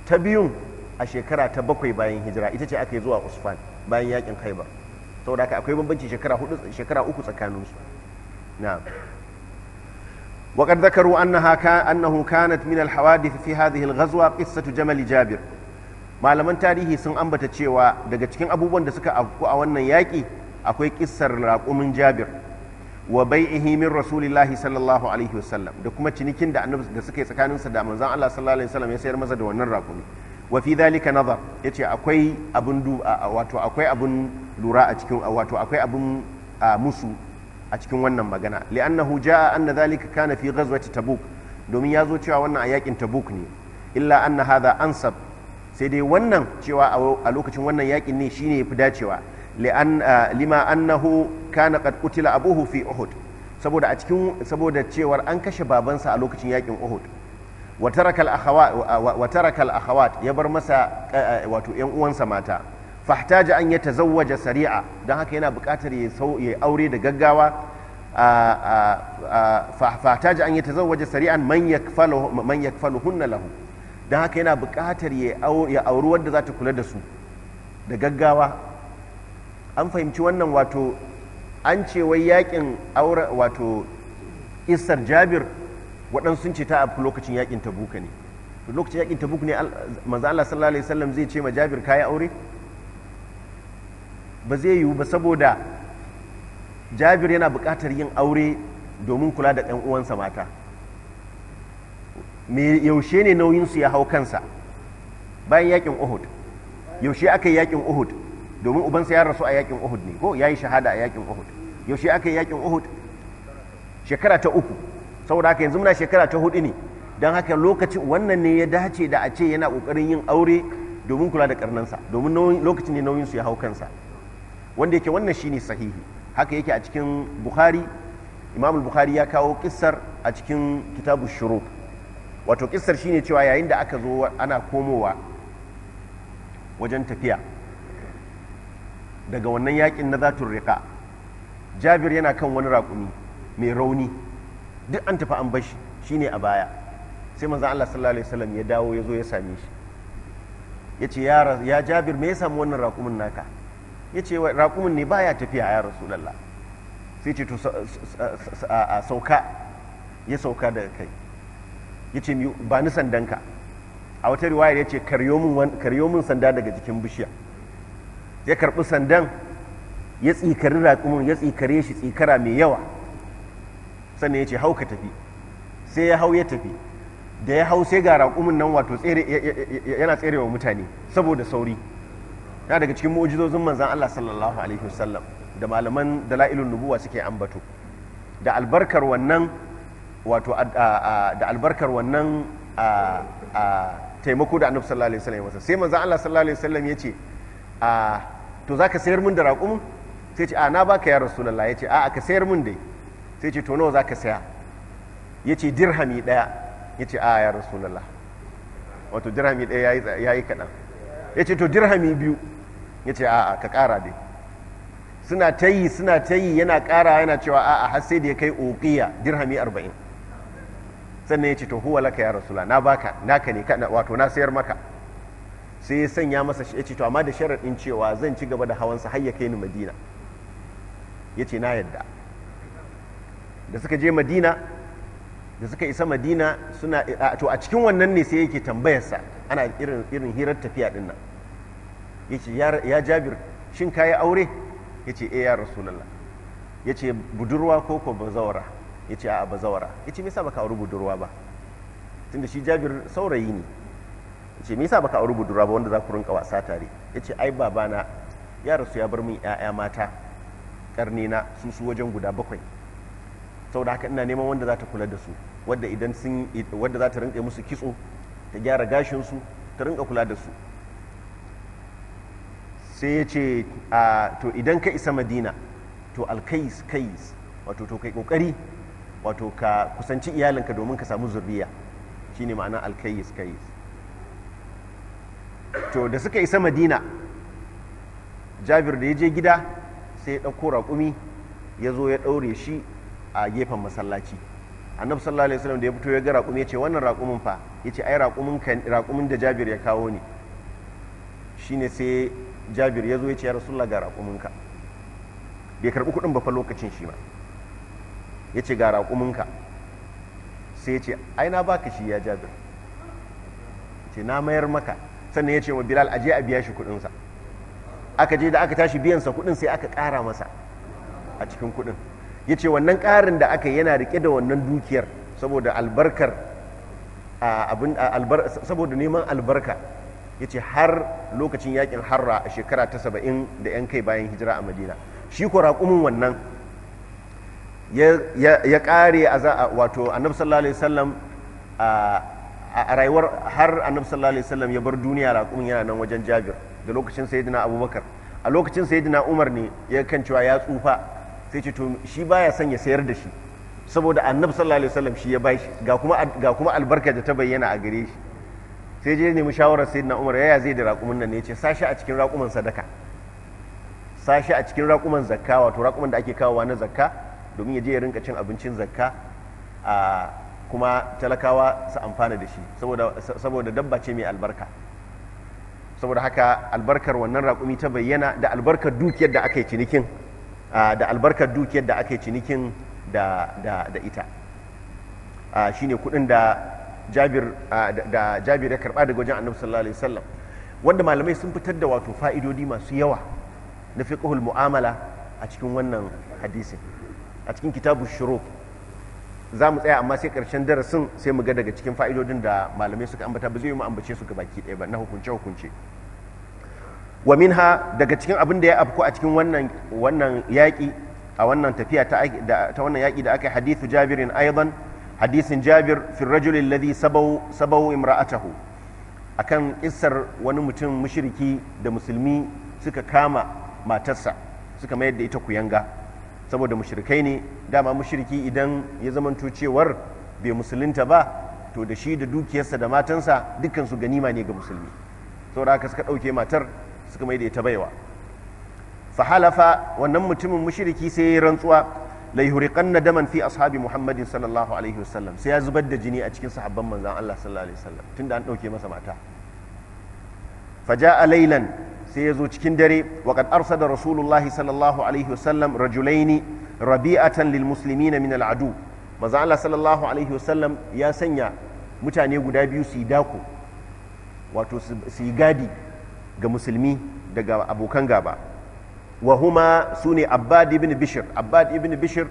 Speaker 1: ta biyun a shekara ta bakwai bayan hijira ita ce aka yi zuwa usfan bayan yakin haibar saboda haka akwai bambanci shekara hudu shekara uku tsakanin su na'am وقد ذكروا أنها كان أنه كانت من الحوادث في هذه الغزوة قصة جمل جابر malaman tarihi sun ambata cewa daga cikin abubuwan da suka afku a wannan yaƙi akwai kissar raƙumin jabir wa bai'ihi min rasulillahi sallallahu alaihi wasallam da kuma cinikin da annabi da suka tsakaninsa da manzon Allah sallallahu alaihi ya sayar masa da wannan wa fi dhalika nazar yace akwai abun akwai abin lura a cikin wato akwai abin musu a cikin wannan magana li'annahu jaa anna dhalika kana fi ghazwati tabuk domin ya zo cewa wannan a yakin tabuk ne illa anna hadha ansab sai dai wannan cewa a lokacin wannan yakin ne shine yafi dacewa li'an lima annahu kana qad qutila abuhu fi uhud saboda saboda cewar an kashe babansa a lokacin yakin ohud. wa tarakal akhawat ya bar masa eh, eh, wato yan uwansa mata fahtaja an ya tazawwaja sari'a don haka yana buƙatar ya aure da gaggawa fahtaja an ya tazawwaja sari'an man yakfaluhunna lahu Dan haka yana buƙatar ya auri wadda za ta kula da su da gaggawa an fahimci wannan wato an ce wai yakin aure wato isar jabir waɗansu sun ce ta abu lokacin yakin tabuka ne lokacin yakin tabuk ne maza Allah sallallahu alaihi wasallam zai ce ma Jabir kai aure ba zai yiwu ba saboda Jabir yana buƙatar yin aure domin kula da ɗan uwansa mata me yaushe ne nauyin ya hau kansa bayan yakin Uhud yaushe aka yi yakin Uhud domin ubansa ya rasu a yakin Uhud ne ko ya yi shahada a yakin Uhud yaushe aka yi yakin Uhud shekara ta uku saboda haka yanzu muna shekara ta hudu ne don haka lokaci wannan ne ya dace da a ce yana kokarin yin aure domin kula da karnansa domin lokacin ne nauyinsu ya hau kansa wanda yake wannan shine sahihi haka yake a cikin bukhari imam bukhari ya kawo kisar a cikin kitabu shuruk wato kissar shine cewa yayin da aka zo ana komowa wajen tafiya daga wannan yakin na zatun riƙa jabir yana kan wani raƙumi mai rauni duk an tafi an bashi shine a baya sai manzon Allah sallallahu alaihi wasallam ya dawo ya zo ya same shi ya ce ya jabir me ya samu wannan raƙumin naka ya ce raƙumin ne baya tafiya ya rasulallah sai ce to sauka ya sauka daga kai ya ce ba ni sandanka a wata riwaya ya ce karyo min sanda daga jikin bishiya ya karɓi sandan ya tsikari raƙumin ya tsikare shi tsikara mai yawa sannan ya ce hau ka tafi sai ya hau ya tafi da ya hau sai ga raƙumin nan wato yana tsere wa mutane saboda sauri na daga cikin mu'jizozin manzan Allah sallallahu alaihi wasallam da malaman dala'ilun nubuwa suke ambato da albarkar wannan wato da albarkar wannan taimako da annabi sallallahu alaihi wasallam sai manzan Allah sallallahu alaihi wasallam yace a to zaka sayar mun da raƙumin sai ce a na baka ya rasulullah yace a ka sayar mun dai sai ce to nawa zaka saya Ya ce dirhami daya ce a ya rasulallah wato dirhami daya yi kaɗan, kadan ce to dirhami biyu ya ce a ka kara dai suna tayi suna yi yana kara yana cewa a a sai da ya kai uqiya dirhami arba'in. sannan ya ce to huwa laka ya rasulullah na baka naka ne wato na sayar maka sai ya sanya masa ya ce to amma da sharaɗin cewa zan ci gaba da hawansa har ya kai ni madina ya ce na yadda da suka je madina da suka isa madina suna to a cikin wannan ne sai yake tambayarsa ana irin irin hirar tafiya din nan yace ya jabir shin kayi aure yace eh ya rasulullah yace budurwa ko ko bazawara yace a'a bazawara yace me yasa baka auri budurwa ba tunda shi jabir saurayi ne yace me yasa baka auri budurwa ba wanda za ku rinka wasa tare yace ai babana ya rasu ya bar min 'ya'ya mata karnina na su su wajen guda bakwai saboda haka ina neman wanda za ta kula da su wadda idan sun wadda za ta rinƙe musu kitso ta gyara gashin su ta rinka kula da su sai ya ce to idan ka isa madina to alkais kais wato to kai kokari wato ka kusanci iyalinka domin ka samu zurriya shine ma'ana alkais kais to da suka isa madina jabir da ya je gida sai ya ɗauko raƙumi ya zo ya ɗaure shi a gefen masallaci annabi sallallahu alaihi wasallam da ya fito ya ga raƙumi ya ce wannan raƙumin fa ya ce ai raƙumin da jabir ya kawo ne shine sai jabir ya zo ya ce ya rasulullah ga raƙuminka bai karɓi kuɗin ba fa lokacin shi ma ya ce ga raƙuminka sai ya ce ai na baka shi ya jabir ce na mayar maka sannan ya ce wa bilal aje a biya shi kuɗinsa aka je da aka tashi biyansa kuɗin sai aka ƙara masa a cikin kuɗin ya ce wannan ƙarin da aka yana rike da wannan dukiyar saboda albarkar saboda neman albarka ya ce har lokacin yakin harra a shekara ta saba'in da 'yan kai bayan hijira a madina shi ko raƙumin wannan ya ƙare a za a wato annab sallallahu a rayuwar har annab sallallahu alaihi wasallam ya bar duniya raƙumin yana nan wajen jabir da lokacin sayyidina abubakar a lokacin sayyidina umar ne ya kan cewa ya tsufa sai ce to shi baya son ya sayar da shi saboda annabi sallallahu alaihi wasallam shi ya bashi ga kuma ga kuma albarka da ta bayyana a gare shi sai je nemi shawarar sayyidina Umar yaya zai da raƙumin nan ne ce sashi a cikin raƙuman sadaka sashi a cikin raƙuman zakka wato raƙuman da ake kawowa na zakka domin ya je ya rinka cin abincin zakka a kuma talakawa su amfana da shi saboda saboda dabba ce mai albarka saboda haka albarkar wannan raƙumi ta bayyana da albarkar dukiyar da aka yi cinikin da albarkar dukiyar da yi cinikin da ita shi ne kudin da jabir ya karba daga wajen annabi sallallahu alaihi wasallam wanda malamai sun fitar da wato fa'idodi masu yawa na fiqhul mu'amala a cikin wannan hadisin a cikin kitabu shuruf za mu tsaya amma sai karshen darasin sai mu ga daga cikin fa'idodin da malamai suka ambata ba zai yi mu ambace su baki ɗaya ba na hukunce hukunce wa minha daga cikin abin da ya afku a cikin wannan wannan yaƙi a wannan tafiya ta wannan yaƙi da aka hadithu jabirin aidan hadisin jabir fi rajul alladhi sabau sabau imra'atahu akan isar wani mutum mushriki da musulmi suka kama matarsa suka mayar da ita kuyanga saboda mushrikai ne dama mushriki idan ya zamanto cewar bai musulunta ba to da shi da dukiyarsa da matansa dukkan ganima ne ga musulmi saboda haka suka ɗauke matar suka mai da baiwa fahalafa wannan mutumin mushiriki sai ya rantsuwa la yuhriqanna daman fi ashabi muhammadin sallallahu alaihi wasallam sai ya zubar da jini a cikin sahabban manzon Allah sallallahu alaihi wasallam tunda an masa mata a lailan sai ya zo cikin dare wa arsa da rasulullahi sallallahu alaihi wasallam rajulaini rabi'atan lil muslimina min al adu manzon Allah sallallahu alaihi wasallam ya sanya mutane guda biyu su yi dako wato su yi gadi ga musulmi daga abokan gaba wa huma su ne abad ibn bishir abad ibn bishir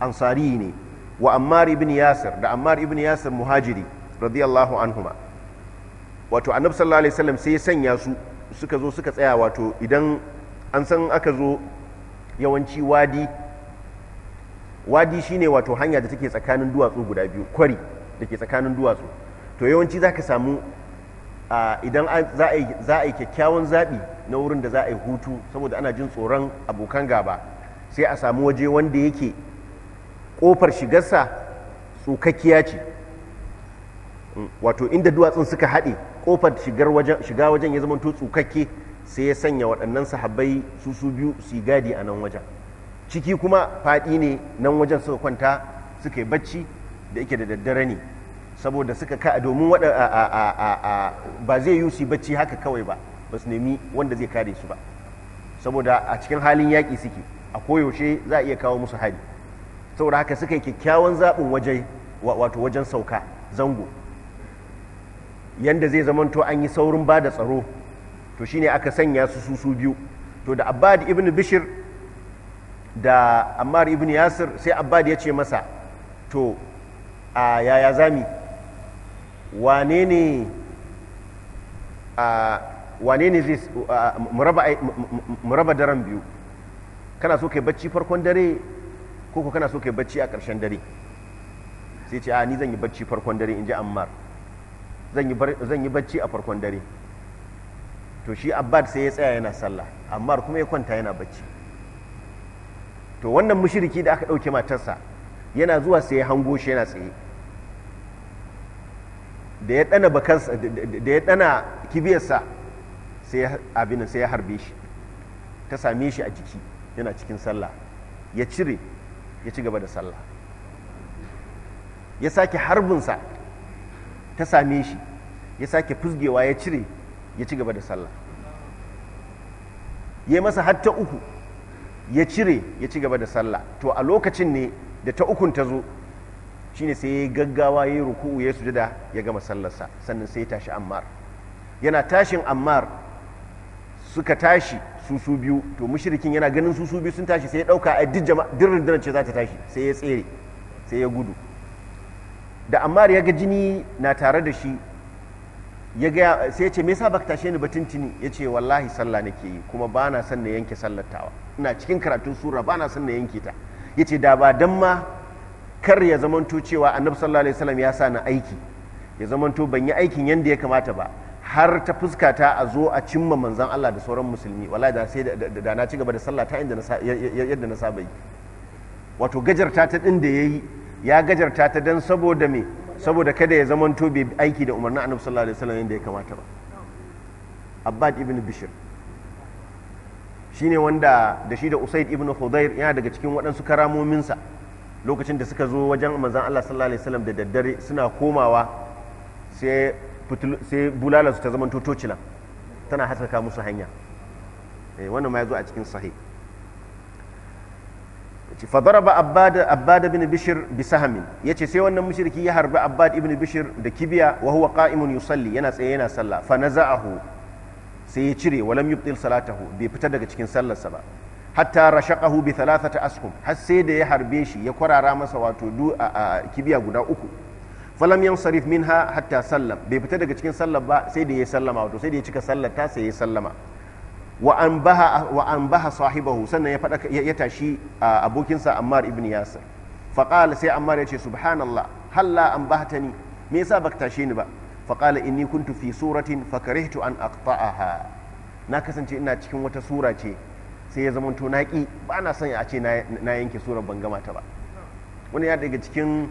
Speaker 1: ansari ne wa ammar ibn yasir da ammar ibn yasir muhajiri radiyallahu anhuma wato annabi sallallahu alaihi wasallam sai sanya su suka zo suka tsaya wato idan an san aka zo yawanci wadi wadi shine wato hanya da take tsakanin duwatsu guda biyu kwari da ke tsakanin duwatsu to yawanci za ka samu idan za a yi kyakkyawan zaɓi na wurin da za a yi hutu saboda ana jin tsoron abokan gaba sai a samu waje wanda yake ƙofar shigarsa tsukakkiya ce wato inda duwatsun suka haɗe ƙofar shiga wajen ya zama to tsukakke sai ya sanya waɗannan sahabbai su su biyu su yi gadi a nan wajen ciki kuma faɗi ne nan wajen suka kwanta suka yi bacci da yake da daddare ne saboda suka ka domin wada ba zai yi su bacci haka kawai ba ba su nemi wanda zai kare su ba saboda a cikin halin yaƙi suke a koyaushe za a iya kawo musu hari saboda haka suka yi kyakkyawan zaɓin waje wato wajen sauka zango yanda zai zamanto an yi saurin ba da tsaro to shine aka sanya su su su biyu to da abbad ibn bishir da ammar ibn yasir sai abbad ya ce masa to a yaya zami wane ne zai muraba daren biyu kana so kai bacci farkon dare ko ko kana so kai bacci a ƙarshen dare sai ce a ni zan yi bacci farkon dare in ji ammar zan yi bacci a farkon dare to shi abbad sai ya tsaya yana sallah ammar kuma ya kwanta yana bacci to wannan mushiriki da aka ɗauke matarsa yana zuwa sai ya hango shi yana tsaye da ya dana bakansa da ya dana kibiyarsa sai abin sai ya harbe shi ta same shi a jiki yana cikin sallah ya cire ya ci gaba da sallah ya sake harbinsa ta same shi ya sake fusgewa ya cire ya ci gaba da sallah ya masa hatta uku ya cire ya ci gaba da sallah to a lokacin ne da ta ukun ta zo shine sai ya gaggawa ya yi ruku'u ya sujada ya gama sallarsa sannan sai ya tashi ammar yana tashin ammar suka tashi su biyu to mushrikin yana ganin su su biyu sun tashi sai ya dauka a duk jama'a ce za ta tashi sai ya tsere sai ya gudu da ammar ya ga jini na tare da shi ya ga sai ya ce me yasa baka tashe ni ba ya ce wallahi sallah nake yi kuma ba na son na yanke sallatawa ina cikin karatun sura bana son na yanke ta ya ce da ba dan ma kar ya zamanto cewa annabi sallallahu alaihi wasallam ya sa aiki ya zamanto ban yi aikin yadda ya kamata ba har ta fuskata a zo a cimma manzan Allah da sauran musulmi wala da sai da na ci gaba da sallah ta yadda na saba yi wato gajarta ta din da yayi ya gajarta ta dan saboda me saboda kada ya zamanto bai aiki da umarnin annabi sallallahu alaihi wasallam yadda ya kamata ba abbad ibn bishr shine wanda da shi da usaid ibn khudair yana daga cikin waɗansu karamominsa lokacin da suka zo wajen manzan Allah sallallahu alaihi wasallam da daddare suna komawa sai bulala su ta zama totocila tana haskaka musu hanya eh wannan ma yazo a cikin sahih fa daraba abbad abbad ibn bishr bi sahmin yace sai wannan mushriki ya harbi abbad ibn Bishir da kibiya wa huwa qa'imun yusalli yana tsaye yana sallah fa naza'ahu sai ya cire walam yubtil salatahu bai fita daga cikin sallarsa ba hatta rashaqahu bi thalathati ashum har sai da ya harbe shi ya kwarara masa wato du a kibiya guda uku falam yansarif minha hatta sallam bai fita daga cikin sallar ba sai da ya sallama wato sai da ya cika sallar ta sai ya sallama wa anbaha wa anbaha sahibahu sannan ya fada ya tashi abokinsa Ammar ibn Yasir qala sai Ammar ya ce subhanallah halla anbahtani me yasa baka tashe ni ba qala inni kuntu fi suratin fakarihtu an aqta'aha na kasance ina cikin wata sura ce sai ya zama to naƙi ba na son a ce na yanke surar ban gama ta ba wani ya daga cikin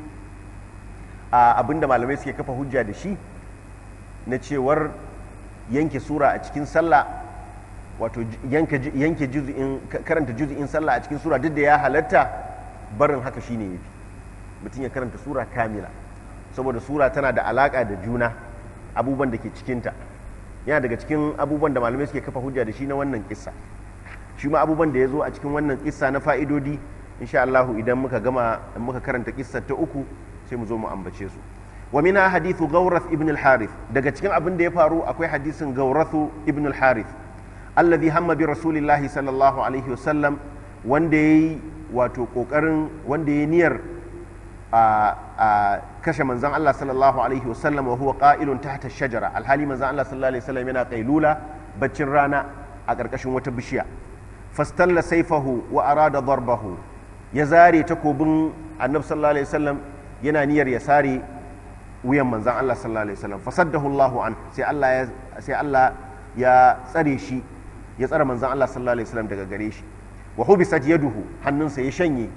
Speaker 1: abin da malamai suke kafa hujja da shi na cewar yanke sura a cikin sallah wato yanke juzu'in karanta juzu'in sallah a cikin sura duk da ya halatta barin haka shine yafi mutum ya karanta sura kamila saboda sura tana da alaka da juna abubuwan da ke cikinta yana daga cikin abubuwan da malamai suke kafa hujja da shi na wannan kissa shi ma abubuwan da ya zo a cikin wannan kissa na fa'idodi insha Allah idan muka gama muka karanta kissa ta uku sai mu zo mu ambace su wa mina hadithu gawrath ibn al-harith daga cikin abin da ya faru akwai hadisin gawrathu ibn al-harith alladhi hamma bi rasulillah sallallahu alaihi wa sallam wanda yayi wato kokarin wanda yayi niyar a kashe manzon Allah sallallahu alaihi wa wasallam wa huwa qa'ilun tahta shajara alhali manzon Allah sallallahu alaihi wa sallam yana kailula baccin rana a ƙarƙashin wata bishiya fastalla saifahu wa arada darbahu ya zare takobin annabi sallallahu alaihi wasallam yana niyyar ya sare wuyan manzan Allah sallallahu alaihi wasallam fasaddahu Allahu an sai Allah ya sai Allah ya tsare shi ya tsare manzan Allah sallallahu alaihi wasallam daga gare shi wa hubisat yaduhu hannunsa ya shanye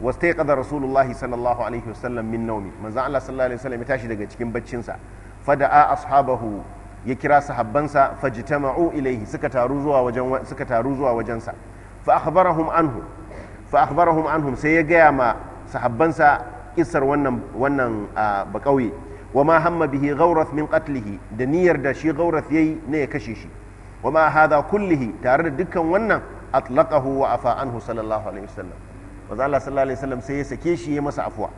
Speaker 1: wastaiqadha rasulullahi sallallahu alaihi wasallam min nawmi manzan Allah sallallahu alaihi wasallam ya tashi daga cikin baccin sa fada'a ashabahu ya kira sahabbansa fajtama'u ilaihi suka taru zuwa wajen suka taru zuwa wajensa fa akhbarahum anhu fa akhbarahum anhum sai ya gaya ma sahabbansa kissar wannan wannan bakauye wa ma hamma bihi ghaurath min qatlihi da niyyar da shi ghaurath yayi ne ya kashe shi wa ma hadha kullihi tare da dukkan wannan atlaqahu wa afa anhu sallallahu alaihi wasallam manzo Allah sallallahu alaihi wasallam sai ya sake shi ya masa afwa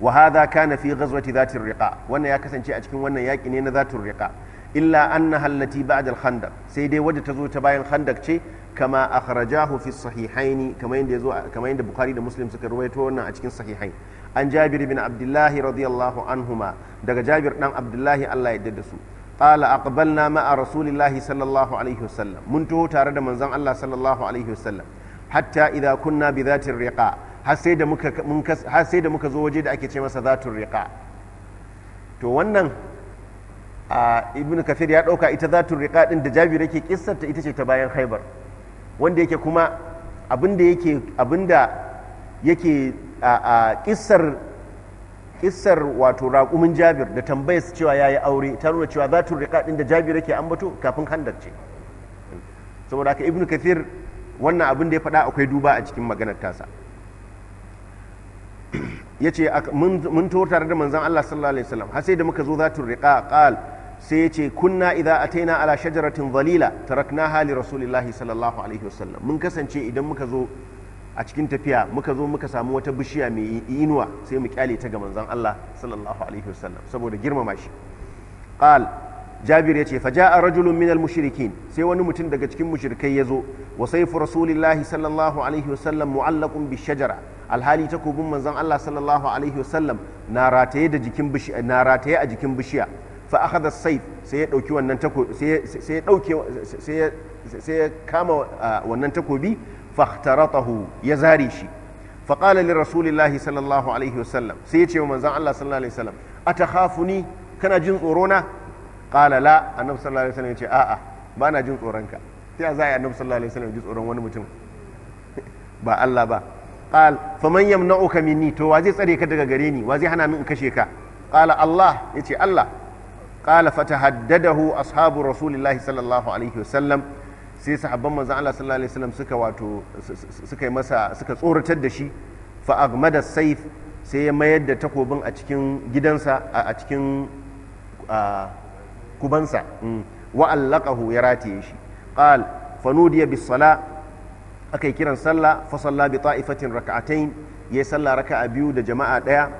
Speaker 1: wa kana fi ghazwati dhati riqa wannan ya kasance a cikin wannan yaki ne na zatin riqa illa annaha allati ba'da al-khandaq sai dai wadda ta zo ta bayan khandak ce kama akhrajahu fi sahihaini kama yanda bukhari da muslim suka ruwaito wannan a cikin sahihain an jabir bin abdullah radiyallahu anhuma daga jabir dan abdullah Allah ya da su qala aqbalna ma'a rasulillah sallallahu alaihi wasallam mun taho tare da manzon Allah sallallahu alaihi hatta idza kunnabi bi dhati har sai da muka zo waje da ake ce masa zatul riƙa. to wannan a ibn kafir ya ɗauka ita zatul riƙa ɗin da jabir yake kissarta ita ce ta bayan haibar. wanda yake kuma abinda yake abinda yake a wato raƙumin jabir da tambayar su cewa yi aure ta nuna cewa zatul riƙa ɗin da jabir yake ambato kafin handar ce saboda haka Ibn kafir wannan abin da ya faɗa akwai duba a cikin maganar tasa ya ce mun to tare da manzan Allah sallallahu alaihi wasallam har sai da muka zo zatun riƙa ƙal sai ya ce kunna idza ataina ala shajaratin zalila tarakna hali rasulillahi sallallahu alaihi wasallam mun kasance idan muka zo a cikin tafiya muka zo muka samu wata bishiya mai inuwa sai mu kyale ta ga manzan Allah sallallahu alaihi wasallam saboda girmama shi ƙal jabir ya ce faja'a rajulun minal mushrikin sai wani mutum daga cikin mushrikai ya zo wa saifu rasulillahi sallallahu alaihi wasallam mu'allaqun bi shajara alhali takobin manzon Allah sallallahu alaihi wasallam na rataye na rataye a jikin bishiya fa akhadha sayf sai ya sai ya kama wannan takobi fahtaratahu ya zare shi fa qala li rasulillahi sallallahu alaihi sai ya ce wa Allah sallallahu alaihi kana jin tsoro na qala la annabi sallallahu alaihi wasallam ya ce a'a ba na jin tsoron ka ta za a yi annabi sallallahu alaihi wasallam ji tsoron wani mutum ba Allah ba qal faman yamna'uka minni to wa zai tsare ka daga gare ni wa zai hana min in kashe ka qala Allah yace Allah qala fatahaddadahu ashabu rasulillahi sallallahu alaihi wasallam sai sahabban manzon Allah sallallahu alaihi wasallam suka wato suka yi masa suka tsoratar da shi fa aghmada sayf sai ya mayar da takobin a cikin gidansa a cikin kubansa mm, wa ya rataye shi ƙal fa nudiya bis sala akai kiran sallah fa bi ta'ifatin ya yi sallah raka'a biyu da jama'a daya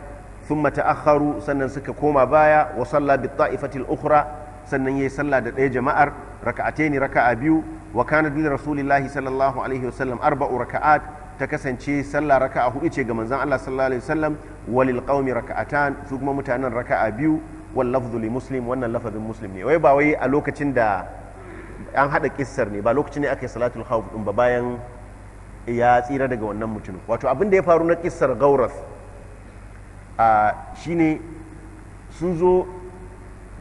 Speaker 1: thumma ta'akharu sannan suka koma baya wa Sallah bi ta'ifatil ukhra sannan yi sallah da ɗaya jama'ar raka'atayn raka'a biyu wa kana bi rasulillahi sallallahu alaihi sallam arba'u raka'at ta kasance sallah raka'a hudu ce ga manzon Allah sallallahu alaihi wasallam walil qaumi raka'atan su kuma mutanen raka'a biyu wal lafzu li muslim wannan lafazin muslim ne wai ba wai a lokacin da an hada kissar ne ba lokacin ne aka yi salatul khawf din ba bayan ya tsira daga wannan mutumin wato abin da ya faru na kissar gauras a shine sun zo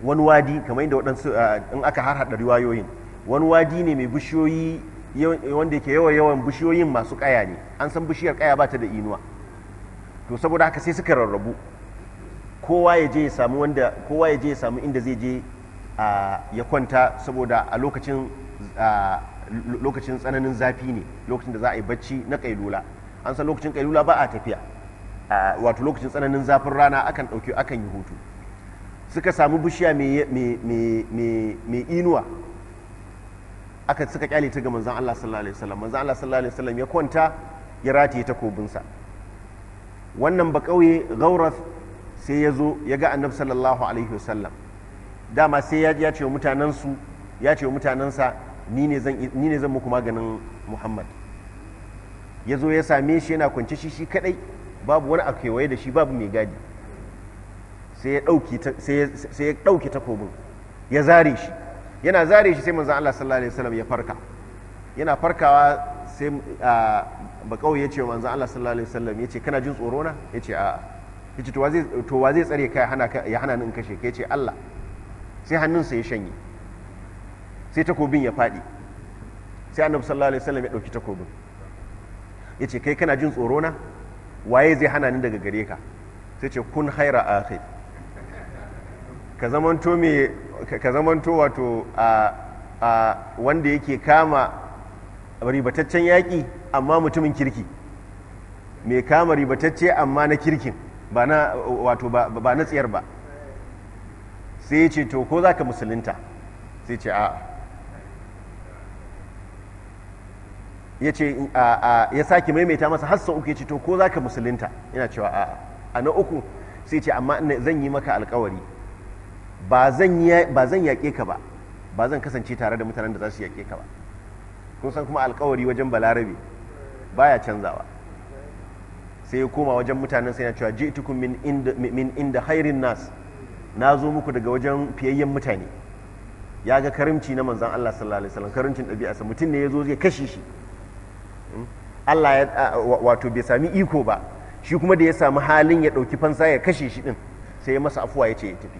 Speaker 1: wani wadi kamar yadda waɗansu in aka harhaɗa riwayoyin wani wadi ne mai bishiyoyi wanda ke yawan yawan bishiyoyin masu kaya ne an san bishiyar kaya ba ta da inuwa to saboda haka sai suka rarrabu kowa ya je ya samu wanda kowa ya je ya samu inda zai je ya kwanta saboda a lokacin lokacin tsananin zafi ne lokacin da za a yi bacci na kailula an san lokacin kailula ba a tafiya wato lokacin tsananin zafin rana akan ɗauki akan yi hutu suka samu bishiya mai inuwa aka suka kyale ta ga manzan Allah sallallahu alaihi wasallam manzan Allah sallallahu alaihi wasallam ya kwanta ya rataye takobinsa wannan ba kauye gaurath sai ya zo ya ga annabi sallallahu alaihi wasallam dama sai ya ce mutanensu ya ce mutanensa ni ne zan muku maganin muhammad ya zo ya same shi yana kwance shi shi kadai babu wani a kewaye da shi babu mai gadi sai ya ɗauki takobin ya zare shi yana zare shi sai manzan Allah sallallahu alaihi wasallam ya farka yana farkawa sai ah, ba ya ce manzan Allah sallallahu alaihi wasallam ya ce kana jin tsoro na ya ce a'a yace to zai to wa zai tsare ka hana ya hana ni in kashe ka ce Allah sai hannun sa ya shanye sai takobin ya fadi sai annabi sallallahu alaihi wasallam ya dauki takobin yace kai kana jin tsoro na waye zai hana ni daga gare ka sai ce kun haira akhir ka zamanto me ka zamanto wato a a wanda yake kama ribataccen yaƙi amma mutumin kirki mai kama ribatacce amma na kirkin ba na wato ba na ba sai ya ce to ko za ka musulunta sai ce a'a ya ce ya sake maimaita masa hassan uku ya ce to ko za ka musulunta yana cewa a'a a na uku sai ce amma zan yi maka alkawari ba zan yaƙe ka ba ba zan kasance tare da mutanen da za su yaƙe ka ba kun san kuma alkawari wajen balarabe baya canzawa sai ya koma wajen mutanen sai na cewa ji min inda min inda hairin nas na zo muku daga wajen fiyayyen mutane ya ga karimci na manzan Allah sallallahu alaihi wasallam karimcin ɗabi'arsa mutum ne ya zo zai kashe shi hmm? Allah ya wato bai sami iko ba shi kuma da ya sami halin ya ɗauki fansa ya kashe shi ɗin sai ya masa afuwa ya ce ya tafi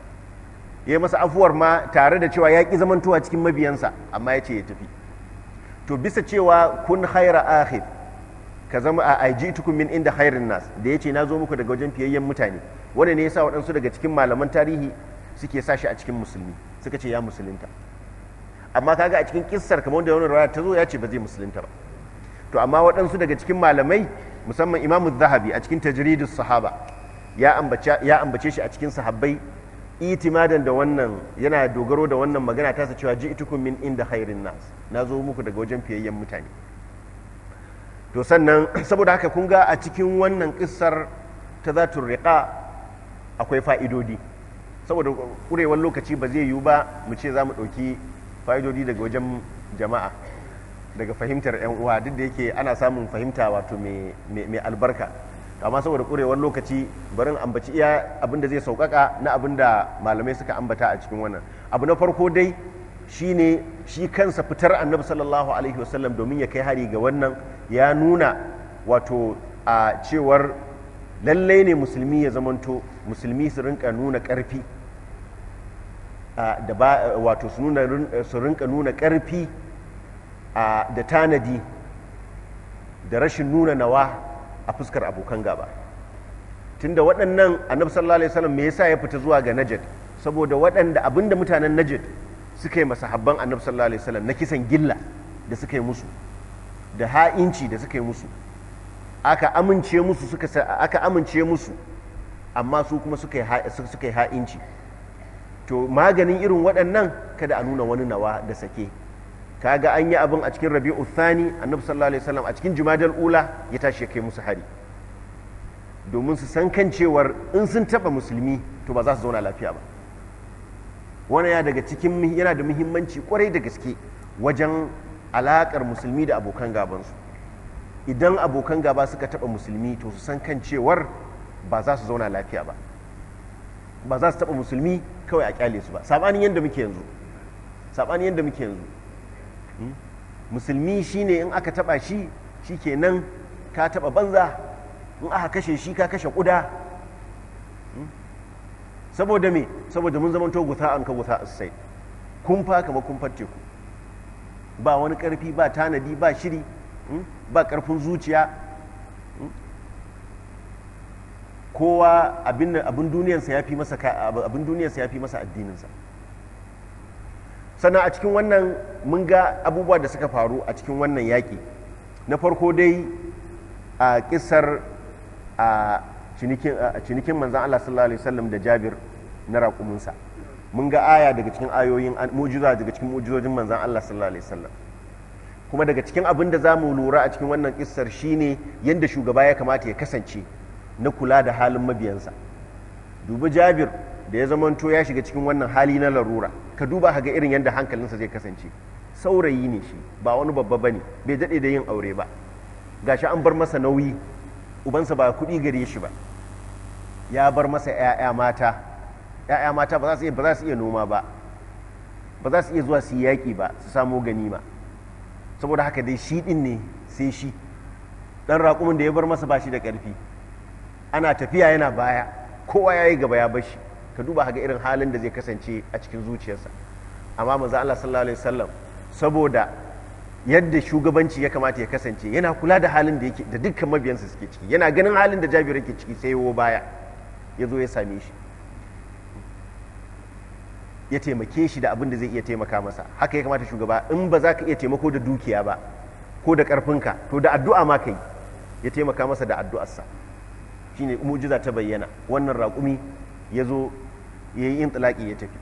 Speaker 1: ya yi masa afuwar ma tare da cewa ya ƙi zamantowa cikin mabiyansa amma ya ce ya tafi to bisa cewa kun haira akhir ka zama a tukun min inda khairin nas da ce na zo muku daga wajen fiyayyen mutane wanda ne ya sa waɗansu daga cikin malaman tarihi suke sa shi a cikin musulmi suka ce ya musulunta amma kaga a cikin kissar kamar wanda wani rawaya ta zo ya ce ba zai musulunta ba to amma waɗansu daga cikin malamai musamman imamu zahabi a cikin tajridus sahaba ya ambace ya ambace shi a cikin sahabbai itimadan da wannan yana dogaro da wannan magana ta cewa ji'tukum min inda khairin nas na zo muku daga wajen fiyayyen mutane to sannan saboda haka kun ga a cikin wannan kissar ta za tun riƙa akwai fa'idodi saboda ƙurewar lokaci ba zai yiwu ba mu ce za mu ɗauki fa'idodi daga wajen jama'a daga fahimtar 'yan uwa duk da yake ana samun fahimta wato mai albarka amma saboda ƙurewar lokaci barin ambaci iya abin zai sauƙaƙa na abin malamai suka ambata a cikin wannan abu na farko dai Shi ne shi kansa fitar annabi sallallahu alaihi wasallam domin ya kai hari ga wannan ya nuna wato a cewar lallai ne musulmi ya zamanto musulmi su rinka nuna ƙarfi wato su rinka nuna ƙarfi da tanadi da rashin nuna nawa a fuskar abokan gaba tunda waɗannan annabi sallallahu alaihi wasallam me yasa ya fita zuwa ga najad saboda waɗanda abinda mutanen najad suka yi masahabban annabi sallallahu alaihi wasallam na kisan gilla da suka yi musu da ha'inci da suka yi musu aka amince musu suka aka amince musu amma su kuma suka yi ha'inci to maganin irin waɗannan kada a nuna wani nawa da sake kaga an yi abin a cikin rabi'u thani annabi sallallahu alaihi wasallam a cikin jumadal ula ya tashi ya kai musu hari domin su san kan cewar in sun taba musulmi to ba za su zauna lafiya ba wani ya daga cikin yana da muhimmanci kwarai da gaske wajen alakar musulmi da abokan gabansu idan abokan gaba suka taba musulmi to su san kan cewar ba za su zauna lafiya ba ba za su taba musulmi kawai a kyale su ba sabanin yadda muke yanzu sabanin yadda muke yanzu hmm? musulmi shine in aka taba shi shikenan ka taba banza in aka kashe shi ka kashe kuda hmm? saboda me saboda mun zamanto guta an ka guta sai kun fa kamar kun fatte ku ba wani karfi ba tanadi ba shiri hmm? ba karfin zuciya hmm? kowa abin duniyarsa ya fi masa abin duniyarsa ya fi masa addininsa sannan a cikin wannan mun ga abubuwa da suka faru a cikin wannan yaƙi na farko dai a kisar a cinikin manzan Allah sallallahu alaihi wasallam da Jabir na raƙuminsa mun ga aya daga cikin ayoyin mujiza daga cikin mujizojin manzan Allah sallallahu alaihi wasallam kuma daga cikin abin da zamu lura a cikin wannan kissar shine yadda shugaba ya kamata ya kasance na kula da halin mabiyansa dubi Jabir da ya zamanto ya shiga cikin wannan hali na larura ka duba ka ga irin yadda hankalinsa zai kasance saurayi ne shi ba wani babba bane bai daɗe da yin aure ba ga shi an bar masa nauyi ubansa ba kuɗi gare shi ba ya bar masa 'ya'ya mata 'ya'ya mata ba za su iya noma ba ba za su iya zuwa su yi yaƙi ba su samo ganima saboda haka dai shi ɗin ne sai shi ɗan raƙumin da ya bar masa ba shi da ƙarfi ana tafiya yana baya kowa ya yi gaba ya bashi ka duba haka irin halin da zai kasance a cikin zuciyarsa amma maza Allah sallallahu alaihi wasallam saboda yadda shugabanci ya kamata ya kasance yana kula da halin da yake da dukkan mabiyansa suke ciki yana ganin halin da Jabir yake ciki sai yawo baya ya zo ya same shi ya taimake shi da abin da zai iya taimaka masa haka ya kamata shugaba in ba za ka iya taimako da dukiya ba ko da ƙarfinka to da addu'a ma ka yi ya taimaka masa da addu'arsa shine mu'jiza ta bayyana wannan raƙumi ya zo ya yi intilaƙi ya tafi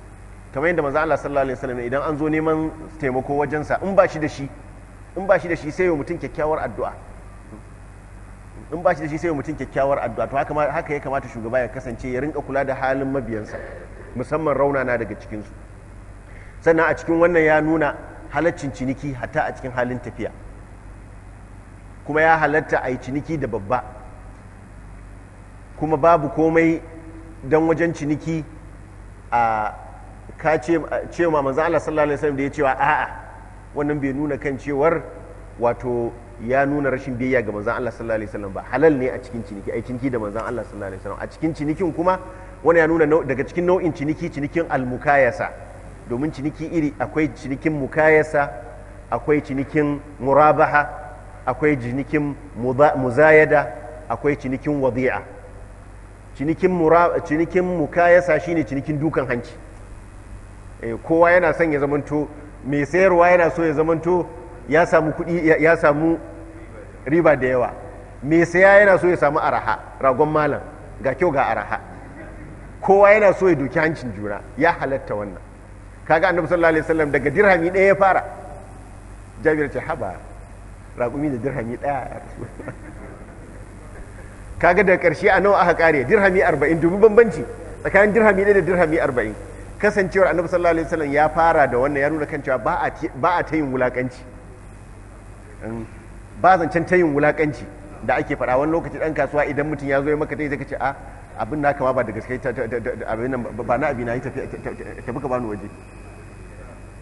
Speaker 1: kamar yadda manzo Allah sallallahu alaihi wasallam idan an zo neman taimako wajensa in ba shi da shi in ba shi da shi sai ya mutum kyakkyawar addu'a in ba shi da shi sai mutum kyakkyawar addu'a to haka ya kamata shugaba ya kasance ya rinka kula da halin mabiyansa musamman rauna na daga cikinsu sannan a cikin wannan ya nuna halaccin ciniki hatta a cikin halin tafiya kuma ya halatta a yi ciniki da babba kuma babu komai don wajen ciniki a ka ce ma manzo Allah sallallahu alaihi wasallam da ya cewa a'a wannan bai nuna kan cewar wato ya nuna rashin biyayya ga manzon Allah sallallahu alaihi wasallam ba halal ne a cikin ciniki ai ciniki da manzon Allah sallallahu alaihi wasallam a cikin cinikin kuma wani ya nuna daga cikin nau'in ciniki cinikin almukayasa domin ciniki iri akwai cinikin mukayasa akwai cinikin murabaha akwai cinikin muzayada akwai cinikin wadi'a cinikin mura cinikin mukayasa shine cinikin dukan hanci eh, kowa yana son ya zamanto mai sayarwa yana so ya zamanto ya samu kuɗi ya samu riba da yawa mai saya yana so ya samu araha ragon malam ga kyau ga araha kowa yana so ya doki hancin juna ya halatta wannan kaga annabi sallallahu alaihi wasallam daga dirhami ɗaya ya fara jabir ce haba raƙumi da dirhami ɗaya kaga da ƙarshe a nawa aka kare dirhami arba'in dubu bambanci tsakanin dirhami ɗaya da dirhami arba'in kasancewar annabi sallallahu alaihi wasallam ya fara da wannan ya nuna kan cewa ba a ta yin wulakanci ba zancen ta yin wulakanci da ake faɗa wani lokaci ɗan kasuwa idan mutum ya zo ya maka zai kace a ah, abin na kama ba da gaske abin nan ba na abin na yi tafi ka bani waje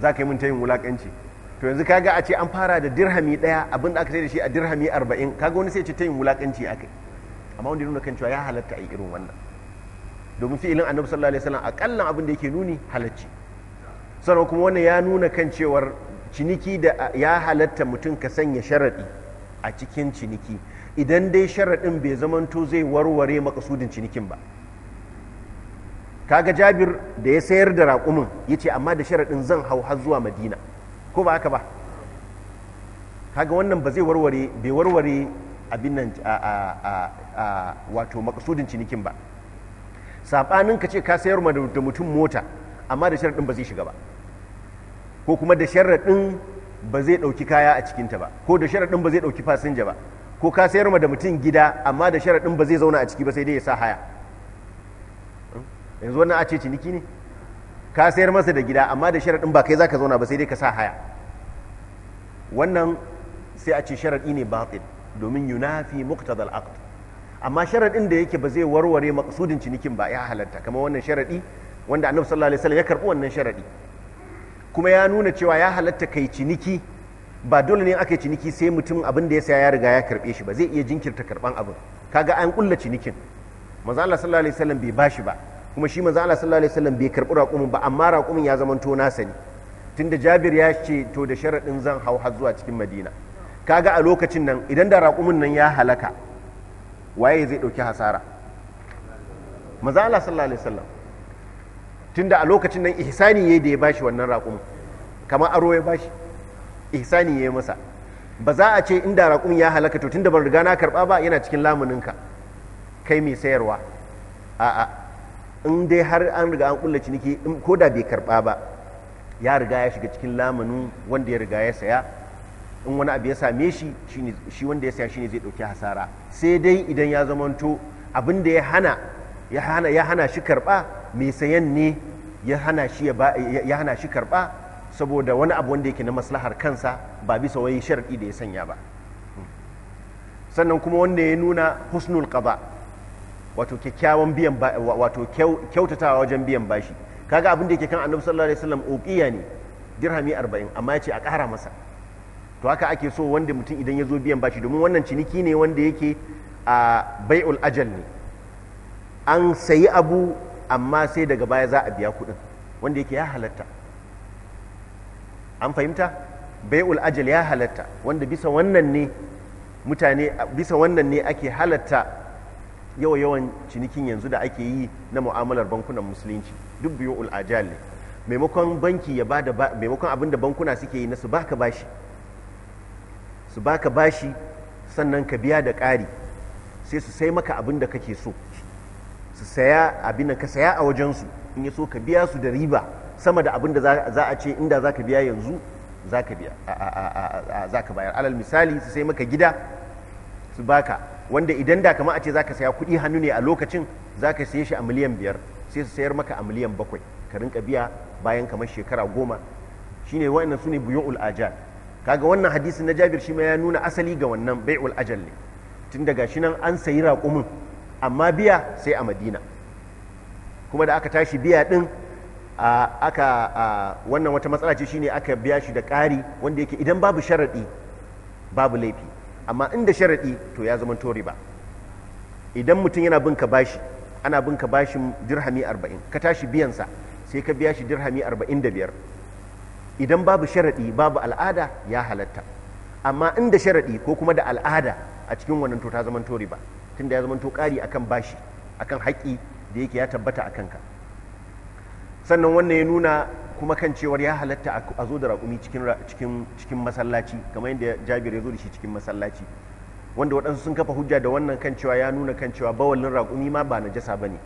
Speaker 1: za ka yi mun ta yin wulakanci to yanzu kaga a ce an fara da dirhami ɗaya abin da aka sai da shi a dirhami arba'in kaga wani sai ce ta yin wulakanci kai amma wanda ya nuna kan cewa ya halatta a yi irin wannan domin fi'ilin annabi sallallahu alaihi wasallam akallan abin da yake nuni halacci sannan kuma wannan ya nuna kan cewar ciniki da ya halatta mutum ka sanya sharaɗi a cikin ciniki idan dai sharaɗin bai zamanto zai warware makasudin cinikin ba kaga jabir da ya sayar da raƙumin ya ce amma da sharaɗin zan hau har zuwa madina ko ba haka ba kaga wannan ba zai warware bai warware abin nan a wato makasudin cinikin ba saɓanin ka ce ka sayar da mutum mota amma da sharaɗin ba zai shiga ba ko kuma da sharaɗin ba zai ɗauki kaya a cikinta ba ko da sharaɗin ba zai ɗauki fasinja ba ko ka sayar ma da mutum gida amma da sharaɗin ba zai zauna a ciki ba sai dai ya sa haya yanzu wannan a ce ciniki ne ka sayar masa da gida amma da sharaɗin ba kai za ka zauna ba sai dai ka sa haya wannan sai a ce sharaɗi ne batil domin yunafi muqtadal aqd amma sharaɗin da yake ba zai warware maqsudin cinikin ba ya halatta kamar wannan sharaɗi wanda annabi sallallahu alaihi wasallam ya karɓi wannan sharaɗi kuma ya nuna cewa ya halatta kai ciniki ba dole ne aka yi ciniki sai mutum abin da ya saya ya riga ya karbe shi ba zai iya jinkirta karban abin kaga an kulla cinikin manzo Allah sallallahu alaihi wasallam bai bashi ba kuma shi manzo Allah sallallahu alaihi wasallam bai karbi raqumin ba amma raƙumin ya zamanto nasa ne tunda Jabir ya ce to da sharadin zan hau har zuwa cikin Madina kaga a lokacin nan idan da raƙumin nan ya halaka waye zai dauki hasara manzo Allah sallallahu alaihi wasallam tunda a lokacin nan ihsani yayi da ya bashi wannan raƙumin kamar aro ya bashi ihsani yayi masa ba za a ce inda raƙumin ya halaka to tunda ban riga na karɓa ba yana cikin lamuninka kai mai sayarwa a'a in dai har an riga an kulla ciniki ko da bai karɓa ba ya riga ya shiga cikin lamunin wanda ya riga ya saya in wani abu ya same shi shi wanda ya saya shine zai ɗauki hasara sai dai idan ya zamanto abin da ya hana ya hana shi karɓa mai sayan ne ya hana shi ya karba saboda wani abu wanda yake na maslahar kansa ba bisa wani sharaɗi da ya sanya ba sannan kuma wanda ya nuna husnul qada wato kyakkyawan biyan wato kyautatawa wajen biyan bashi kaga abin da yake kan annabi sallallahu alaihi wasallam uqiya ne dirhami arba'in amma yace a ƙara masa to haka ake so wanda mutum idan ya zo biyan bashi domin wannan ciniki ne wanda yake a bai'ul ajal ne an sayi abu amma sai daga baya za a biya kuɗin wanda yake ya halatta an fahimta bai'ul ajal ya halatta wanda bisa wannan ne mutane bisa wannan ne ake halatta yawa yawan cinikin yanzu da ake yi na mu'amalar bankunan musulunci duk bai'ul ul'ajal ne maimakon banki ya da maimakon abin da bankuna suke yi na su baka bashi su baka bashi sannan ka biya da ƙari sai su sai maka abin da kake so su saya abin da ka saya a wajensu in ya so ka biya su da riba sama da abin da za a ce inda za ka biya yanzu za ka biya za ka bayar alal misali su sai maka gida su baka wanda idan da kama a ce za ka saya kuɗi hannu ne a lokacin za ka saye shi a miliyan biyar sai su sayar maka a miliyan bakwai ka rinka biya bayan kamar shekara goma shine wa'annan su ne buyu'ul ajal kaga wannan hadisin na jabir shi ma ya nuna asali ga wannan bai ul'ajal ne tun daga shi nan an sayi raƙumin amma biya sai a madina kuma da aka tashi biya din aka wannan wata matsala ce shine aka biya shi da ƙari wanda yake idan babu sharaɗi babu laifi amma inda sharaɗi to ya zama tori ba idan mutum yana bin ka bashi ana bin ka bashin dirhami arba'in ka tashi biyansa sai ka biya shi dirhami arba'in da biyar idan babu sharaɗi babu al'ada ya halatta amma inda sharaɗi ko kuma da al'ada a cikin wannan to ta zama tori ba tunda ya zama tokari a akan bashi akan haƙƙi da yake ya tabbata a kanka sannan wannan ya nuna kuma kan cewar ya halatta a zo da raƙumi cikin masallaci kamar yadda jabir ya zo da shi cikin masallaci wanda waɗansu sun kafa hujja da wannan kan cewa ya nuna kan cewa bawalin raƙumi ma ba na jasa ba ne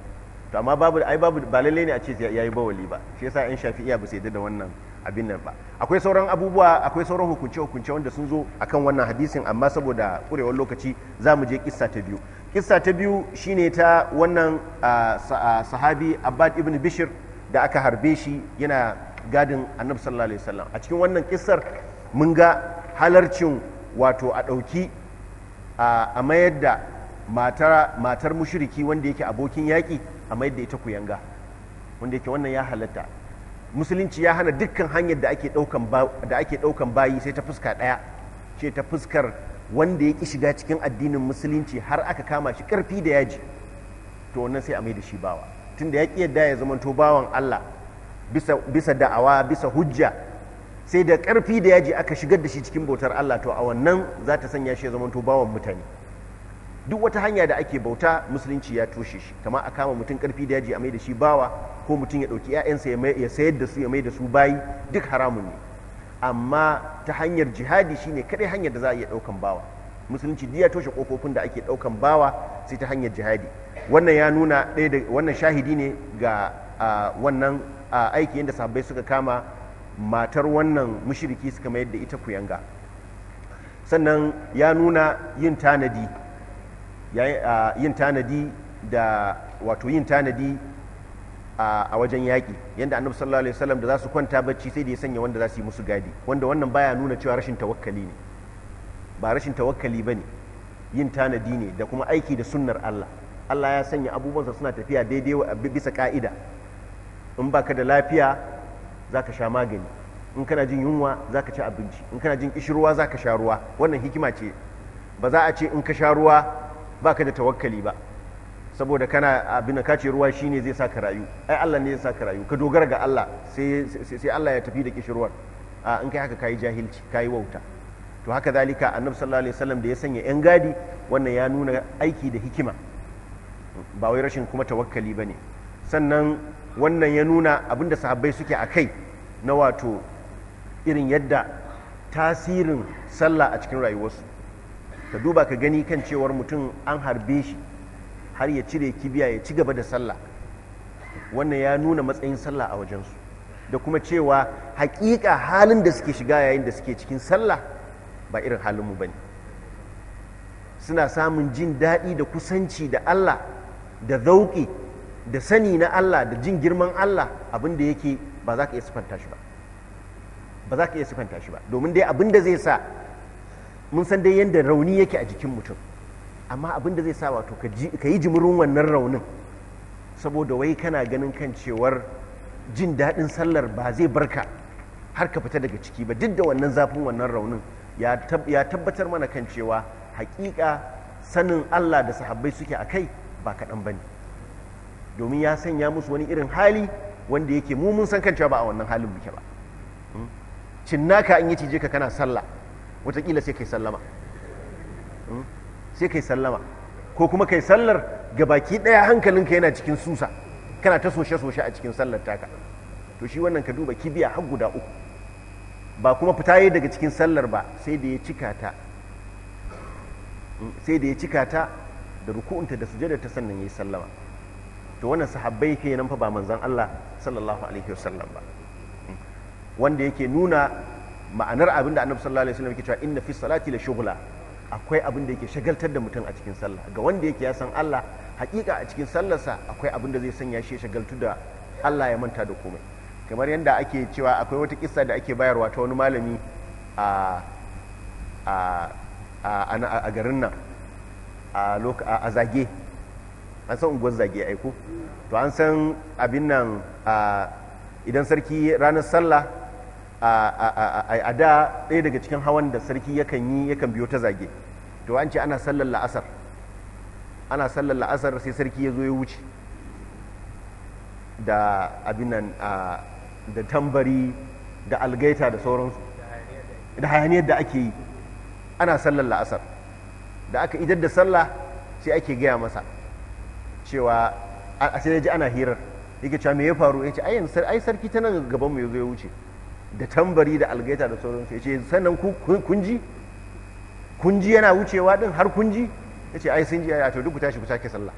Speaker 1: to amma babu ai babu ba lalle ne a ce ya yi bawali ba shi yasa yan shafi'iya ba su yadda da wannan abin nan ba akwai sauran abubuwa akwai sauran hukunce hukunce wanda sun zo akan wannan hadisin amma saboda kurewar lokaci za mu je kissa ta biyu kissa ta biyu shine ta wannan sahabi abbad ibn bishir da aka harbe shi yana gadin annabi sallallahu alaihi wasallam a cikin wannan kissar mun ga halarcin wato a ɗauki a mayar da matar mushiriki wanda yake abokin yaƙi a mayar da ita kuyanga wanda yake wannan ya halatta musulunci ya hana dukkan hanyar da ake ɗaukan bayi sai ta fuska ɗaya ce ta fuskar wanda ya ƙi shiga cikin addinin musulunci har aka kama shi ƙarfi da yaji to wannan sai a mai da shi bawa tunda ya ƙi yadda ya zamanto bawan Allah bisa da'awa bisa hujja sai da ƙarfi da yaji aka shigar da shi cikin bautar Allah to a wannan za ta sanya shi ya zamanto bawan mutane duk wata hanya da ake bauta musulunci ya toshe shi kama a kama mutum karfi da yaji a mai da shi bawa ko mutum ya ɗauki 'ya'yansa ya sayar da su ya mai da su bayi duk haramun ne amma ta hanyar jihadi shine kaɗai hanyar da za a iya ɗaukan bawa musulunci duk ya toshe kofofin da ake ɗaukan bawa sai ta hanyar jihadi wannan ya nuna ɗaya da wannan shahidi ne ga wannan aiki yadda sahabbai suka kama matar wannan mushiriki suka mayar da ita kuyanga sannan ya nuna yin tanadi yin tanadi da wato yin tanadi a wajen yaƙi yadda annabi sallallahu alaihi wasallam da za su kwanta bacci sai da ya sanya wanda za su yi musu gadi wanda wannan baya nuna cewa rashin tawakkali ne ba rashin tawakkali ne yin tanadi ne da kuma aiki da sunnar Allah Allah ya sanya abubuwansa suna tafiya daidai bisa ka'ida in baka da lafiya za ka sha magani in kana jin yunwa za ka ci abinci in kana jin kishirwa za ka sha ruwa wannan hikima ce ba za a ce in ka sha ruwa Ba ka da tawakkali ba saboda kana abin ka ce ruwa shine zai saka rayu ai Allah ne zai saka rayu ka dogara ga Allah sai sai Allah ya tafi da kishirwar a in kai haka kai jahilci kai wauta to haka zalika annabi sallallahu alaihi wasallam da ya sanya yan gadi wannan ya nuna aiki da hikima ba wai rashin kuma tawakkali bane sannan wannan ya nuna abinda sahabbai suke a kai na wato irin yadda tasirin sallah a cikin rayuwarsu ka duba ka gani kan cewar mutum an harbe shi har ya cire kibiya ya ci gaba da sallah wannan ya nuna matsayin sallah a wajensu da kuma cewa hakika halin da suke shiga yayin da suke cikin sallah ba irin halinmu ba ne suna samun jin daɗi da kusanci da allah da zauƙi da sani na allah da jin girman allah abin da yake ba za ka iya siffanta shi ba shi ba domin dai abin da zai sa mun san dai yadda rauni yake a jikin mutum amma abin da zai sa wato ka yi jimurin wannan raunin saboda wai kana ganin kan cewar jin daɗin sallar ba zai barka har ka fita daga ciki ba duk da wannan zafin wannan raunin ya tabbatar mana kan cewa haƙiƙa sanin Allah da sahabbai suke a kai ba kaɗan ba ne domin ya sanya musu wani irin hali wanda yake mu mun san kan cewa ba a wannan halin muke ba hmm? cinnaka in yi cije ka kana sallah watakila sai kai sallama hmm? sai kai sallama ko kuma kai sallar ga baki ɗaya hankalinka yana cikin susa kana ta soshe-soshe a cikin sallar taka to shi wannan ka duba kibiya har guda uku ba kuma fita yi daga cikin sallar ba sai da ya cika ta hmm? da ya da ruku'unta da sujada ta sannan yayi sallama to wannan sahabbai nan fa ba manzon Allah sallallahu alaihi wasallam ba hmm? wanda yake nuna ma'anar abin da annabi sallallahu alaihi wasallam yake cewa inna fi salati la shughla akwai abin da yake shagaltar da mutum a cikin sallah ga wanda yake ya san Allah hakika a cikin sallarsa akwai abin da zai sanya shi shagaltu da Allah ya manta da komai kamar yadda ake cewa akwai wata kissa da ake bayarwa ta wani malami a a a garin nan a zage an san unguwar zage aiko to an san abin nan idan sarki ranar sallah a da ɗaya daga cikin hawan da sarki yakan yi yakan biyo ta zage to an ce ana sallar la'asar ana sallar la'asar sai sarki ya zo ya wuce da abinan da tambari da algaita da sauransu da hayaniyar da ake yi ana sallar la'asar da aka idar da sallah sai ake gaya masa cewa a sai ya ji ana hirar yake cewa me ya faru ya ce ai sarki ta nan gaban mu ya zo ya wuce da tambari da algaita da sauransu ya ce sannan kunji kunji yana wucewa din har kunji ya ce ai sun ji a to duk ku tashi ku sake sallah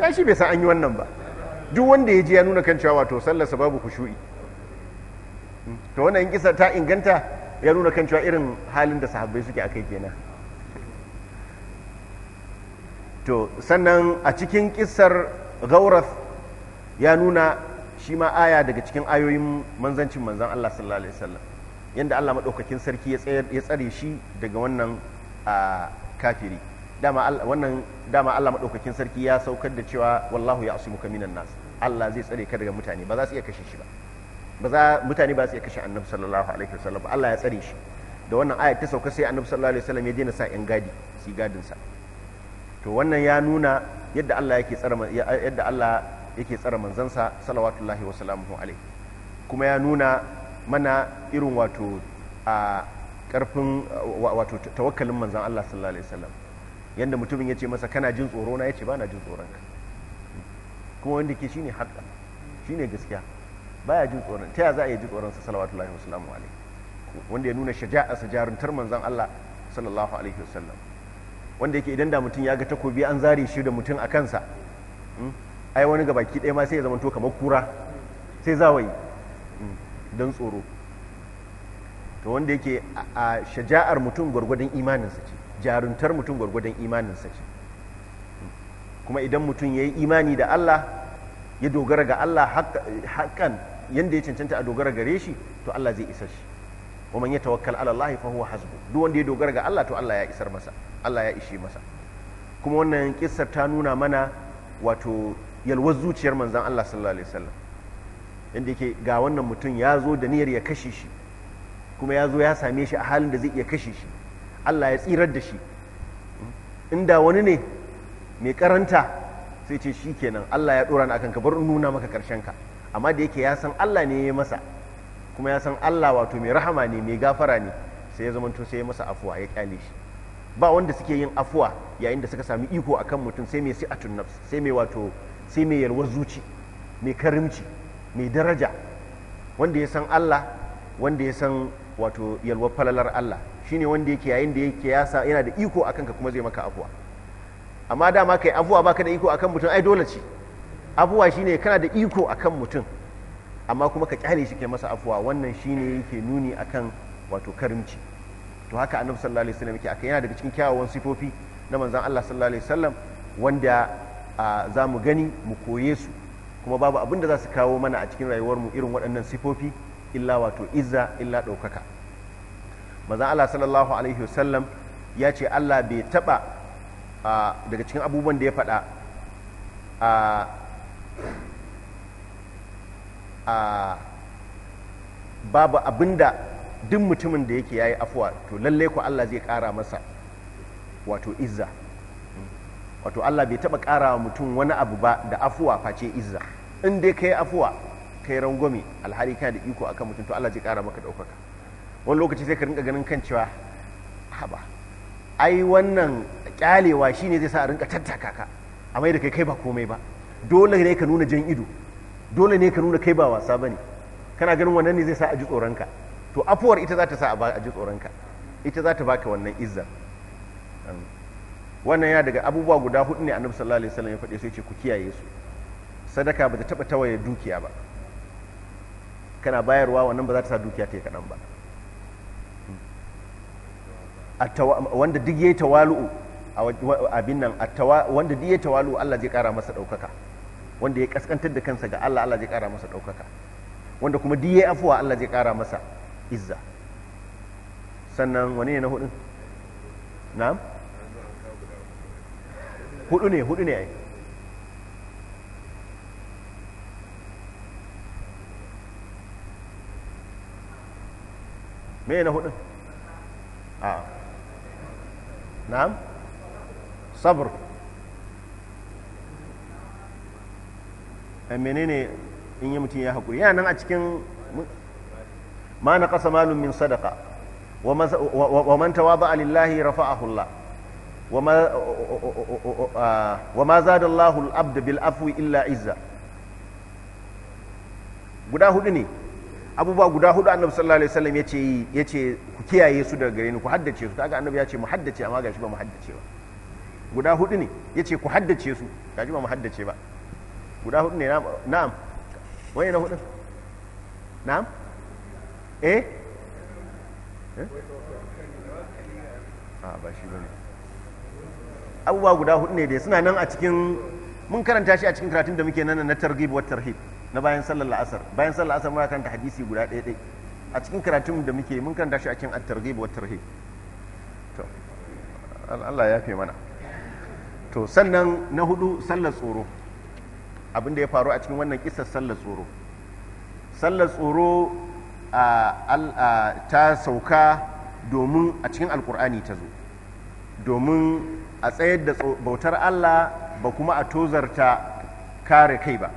Speaker 1: ya shi bai san an yi wannan ba duk wanda ya ji ya nuna kan cewa wato sallarsa babu kushu'i hmm. to wannan in kisa ta inganta ya nuna kan cewa irin halin da sahabbai suke akai kai kenan to sannan a cikin kisar gaurath ya nuna shi ma aya daga cikin ayoyin manzancin manzan Allah sallallahu alaihi wasallam yanda Allah madaukakin sarki ya tsare shi daga wannan kafiri dama wannan dama Allah madaukakin sarki ya saukar da cewa wallahu ya'simuka minan nas Allah zai tsare ka daga mutane ba za su iya kashe shi ba ba za mutane ba su iya kashe annabi sallallahu alaihi wasallam ba Allah ya tsare shi da wannan ayat ta sauka sai annabi sallallahu alaihi wasallam ya daina sa yan gadi si gadin sa to wannan ya nuna yadda Allah yake tsare yadda Allah yake tsara manzansa salawatullahi wasalamuhu alaihi kuma ya nuna mana irin wato a karfin wato tawakkalin manzan Allah sallallahu alaihi wasallam yanda mutumin ya ce masa kana jin tsoro na yace bana jin tsoron ka kuma wanda ke shine shi shine gaskiya baya jin tsoron ta ya za a yi jin tsoron sa salawatullahi wasalamu alaihi wanda ya nuna shaja'a sa jaruntar manzan Allah sallallahu alaihi wasallam wanda yake idan da mutum ya ga takobi an zare shi da mutum a kansa hmm, ai wani gabaki ɗaya ma sai ya zama to kamar kura sai zawayi mm, don tsoro to wanda yake a shaja'ar mutum gwargwadon imaninsa ce jaruntar mutum gwargwadon imaninsa ce mm. kuma idan mutum ya yi imani da Allah ya dogara ga Allah haƙƙan yadda ya cancanta a dogara gare shi to Allah zai isar shi wa man yatawakkal ala Allah fa huwa hasbu duk wanda ya dogara ga Allah to Allah ya isar masa Allah ya ishe masa kuma wannan kissar ta nuna mana wato yalwar zuciyar manzan Allah sallallahu alaihi wasallam inda yake ga wannan mutum ya zo da niyyar ya kashe shi kuma ya zo ya same shi a halin da zai iya kashe shi Allah ya tsirar da shi inda wani ne mai karanta sai ce shi kenan Allah ya dora ni akan ka bar nuna maka karshen ka amma da yake ya san Allah ne ya masa kuma ya san Allah wato mai rahama ne mai gafara ne sai ya zama zamanto sai ya masa afuwa ya kyale shi ba wanda suke yin afuwa yayin da suka sami iko akan mutum sai mai si'atun nafs sai mai wato sai mai yalwar zuci mai karimci mai daraja wanda ya san Allah wanda ya san wato yalwar falalar Allah shine wanda yake yayin da yake yasa yana da iko akan ka kuma zai maka afuwa amma dama kai afuwa baka da iko akan mutum ai dole ce afuwa shine kana da iko akan mutum amma kuma ka kyale shi kai masa afuwa wannan shine yake nuni akan wato karimci to haka annabi sallallahu alaihi wasallam yake aka yana daga cikin kyawawan sifofi na manzon Allah sallallahu alaihi wasallam wanda za mu gani mu koye su kuma babu abin da za su kawo mana a cikin rayuwarmu irin waɗannan sifofi illa wato izza illa ɗaukaka maza allah sallallahu alaihi wasallam ya ce allah bai taɓa daga cikin abubuwan da ya faɗa babu abin da duk mutumin da yake ya yi afuwa to lallai ku allah zai ƙara masa wato izza wato Allah bai taba ƙara mutum wani abu ba da afuwa face izza in dai yi afuwa ka yi rangwame alhali kana da iko akan mutum to Allah zai ƙara maka ɗaukaka wani lokaci sai ka rinka ganin kan cewa haba ai wannan kyalewa ne zai sa a rinka tattaka ka a mai da kai kai ba komai ba dole ne ka nuna jan ido dole ne ka nuna kai ba wasa bane kana ganin wannan ne zai sa a ji tsoronka to afuwar ita za ta sa a ji tsoronka ita za ta baka wannan izza wannan ya daga abubuwa guda hudu ne annabi sallallahu alaihi wasallam ya faɗi sai ce ku kiyaye su sadaka ba ta taɓa tawaye dukiya ba kana bayarwa wannan ba za ta sa dukiya ta yi kaɗan ba wanda duk ya yi tawalu'u abin nan wanda duk ya yi tawalu'u Allah zai ƙara masa ɗaukaka wanda ya kaskantar da kansa ga Allah Allah zai ƙara masa ɗaukaka wanda kuma duk ya yi afuwa Allah zai ƙara masa izza sannan wani ne na hudun na'am hudu ne hudu ne ai me na hudu a na'am sabr a menene in yi mutum ya haƙuri yana nan a cikin ma na ƙasa malum min sadaka wa man tawaba rafa a hula. wa ma zada bil afwi illa izza guda hudu ne abubuwa guda hudu annabi sallallahu alaihi wasallam yace yace ku kiyaye su daga gare ni ku haddace su kaga annabi ya ce mu haddace amma gashi ba mu haddace ba guda hudu ne yace ku haddace su gashi ba mu haddace ba guda hudu ne na'am wani na hudu na'am eh eh ah, ba shi bane abubuwa guda hudu ne dai suna nan a cikin mun karanta shi a cikin karatun da muke nan na targhib wa tarhib na bayan sallar la'asar bayan sallar la'asar muna karanta hadisi guda ɗaya ɗaya a cikin karatun da muke mun karanta shi a cikin at-targhib wa tarhib to Allah ya fi mana to sannan na hudu sallar tsoro abin da ya faru a cikin wannan kisar sallar tsoro sallar tsoro ta sauka domin a cikin alkur'ani ta zo domin a tsayar da bautar Allah ba kuma a tozarta kare kai ba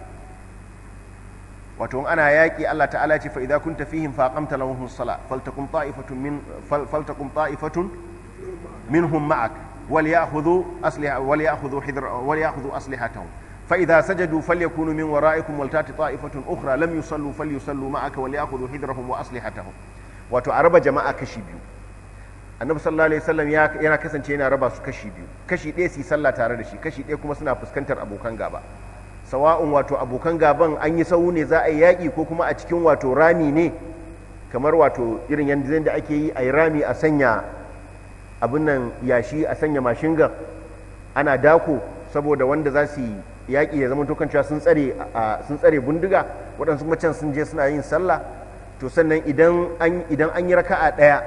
Speaker 1: wato ana yaƙi Allah ta'ala ce fa tafi kunta fihim fa aqamta lahum sala faltakum ta'ifatun min minhum ma'ak wal ya'khudhu aslihatahum fa idza sajadu falyakunu min wara'ikum wal ta'ti ta'ifatun ukhra lam yusallu falyusallu ma'aka wal ya'khudhu hidrahum wa araba jama'a kashi biyu annabi sallallahu alaihi wasallam yana kasance yana raba su kashi biyu kashi ɗaya su yi sallah tare da shi kashi ɗaya kuma suna fuskantar abokan gaba sawa'un wato abokan gaban an yi sau ne za a yi yaƙi ko kuma a cikin wato rami ne kamar wato irin yanzu da ake yi a yi rami a sanya abin nan yashi a sanya mashin ga ana dako saboda wanda za su yaƙi ya zama tokan cewa sun tsare bindiga waɗansu macen sun je suna yin sallah to sannan idan an yi raka'a ɗaya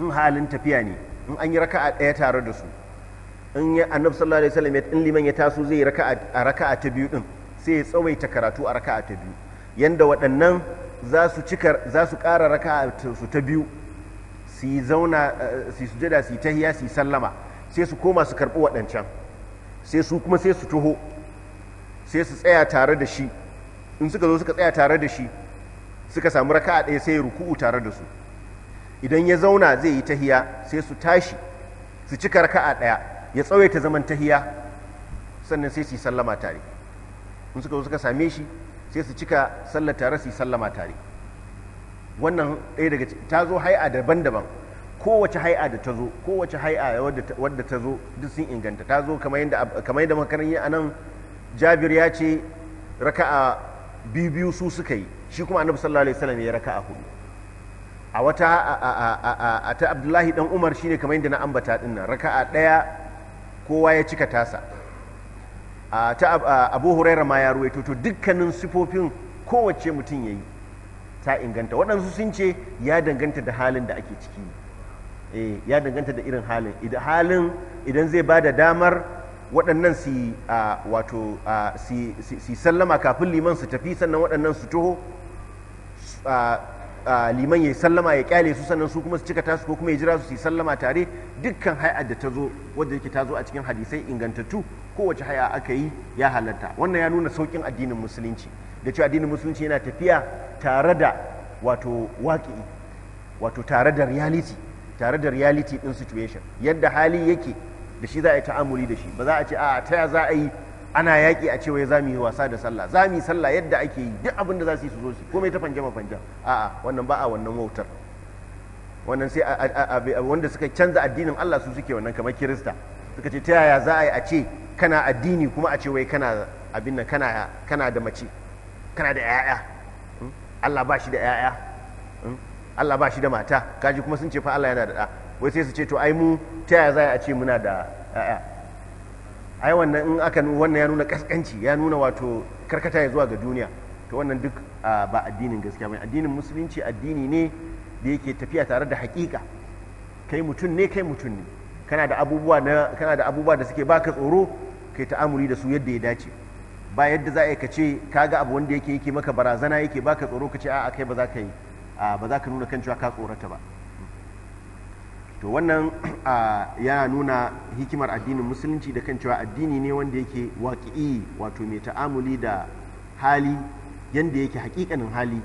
Speaker 1: in halin tafiya ne in an yi raka'a ɗaya tare da su in ya annabi sallallahu alaihi wasallam in liman ya taso zai raka'a a raka'a ta biyu din sai ya tsawaita karatu a raka'a ta biyu yanda waɗannan za su cika za su ƙara raka'a su ta biyu su yi zauna eh, su sujada su tahiya su yi sallama sai su koma su karɓi waɗancan sai su kuma sai su taho sai su tsaya tare da shi in suka zo suka tsaya tare da shi suka samu raka'a ɗaya sai ruku'u tare da su idan ya zauna zai yi tahiya sai su tashi su cika raka'a ɗaya ya ta zaman tahiya sannan sai su yi sallama tare in suka zo suka same shi sai su cika sallar tare su yi sallama tare wannan ɗaya daga ta zo hai'a daban-daban kowace hai'a da ta zo kowace hai'a wadda ta zo duk sun inganta ta zo kamar yadda makarin yi a nan jabir ya ce raka'a biyu biyu su suka yi shi kuma annabi sallallahu alaihi wasallam ya raka'a hudu a wata a ta abdullahi dan umar shine kamar yadda na ambata din nan raka'a daya kowa ya cika tasa a ta abu huraira ma ya ruwaito to dukkanin sifofin kowace mutum ya yi ta inganta waɗansu sun ce ya danganta da halin da ake ciki eh ya danganta da irin halin idan halin idan zai ba da damar waɗannan su wato su sallama kafin liman su tafi sannan waɗannan su taho liman ya sallama ya kyale su sannan su kuma su cika tasu ko kuma ya jira su su sallama tare dukkan hay'ar da ta zo wadda yake ta zo a cikin hadisai ingantattu kowace hay'a aka yi ya halatta wannan ya nuna saukin addinin musulunci da cewa addinin musulunci yana tafiya tare da wato waƙi wato tare da reality tare da reality din situation yadda hali yake da shi za a yi ta'amuli da shi ba za a ce a ta za a yi ana yaƙi a cewa za mu yi wasa da sallah za mu yi sallah yadda ake yi duk abin da za su yi su zo su komai ta fanje mafanja a'a wannan ba a wannan wautar wannan sai wanda suka canza addinin Allah su suke wannan kamar kirista suka ce ta yaya za a yi a ce kana addini kuma a ce wai kana abin nan kana kana da mace kana da yaya hmm? Allah ba shi da yaya hmm? Allah ba shi da mata kaji kuma sun ce fa Allah yana da da wai sai su ce to ai mu ta yaya za a ce muna da yaya ai wannan in aka wannan ya nuna kaskanci ya nuna wato karkata ya zuwa ga duniya to wannan duk ba addinin gaskiya bane addinin musulunci addini ne da yake tafiya tare da hakika kai mutum ne kai mutum ne kana da abubuwa da abubuwa da suke baka tsoro kai ta'amuri da su yadda ya dace ba yadda za a ka ce kaga abu wanda yake yake maka barazana yake baka tsoro ka ce a'a kai ba za ka yi ba za ka nuna kan cewa ka tsorata ba to wannan ya nuna hikimar addinin musulunci da kan cewa addini ne wanda yake waƙi'i wato mai ta'amuli da hali yadda yake hakikanin hali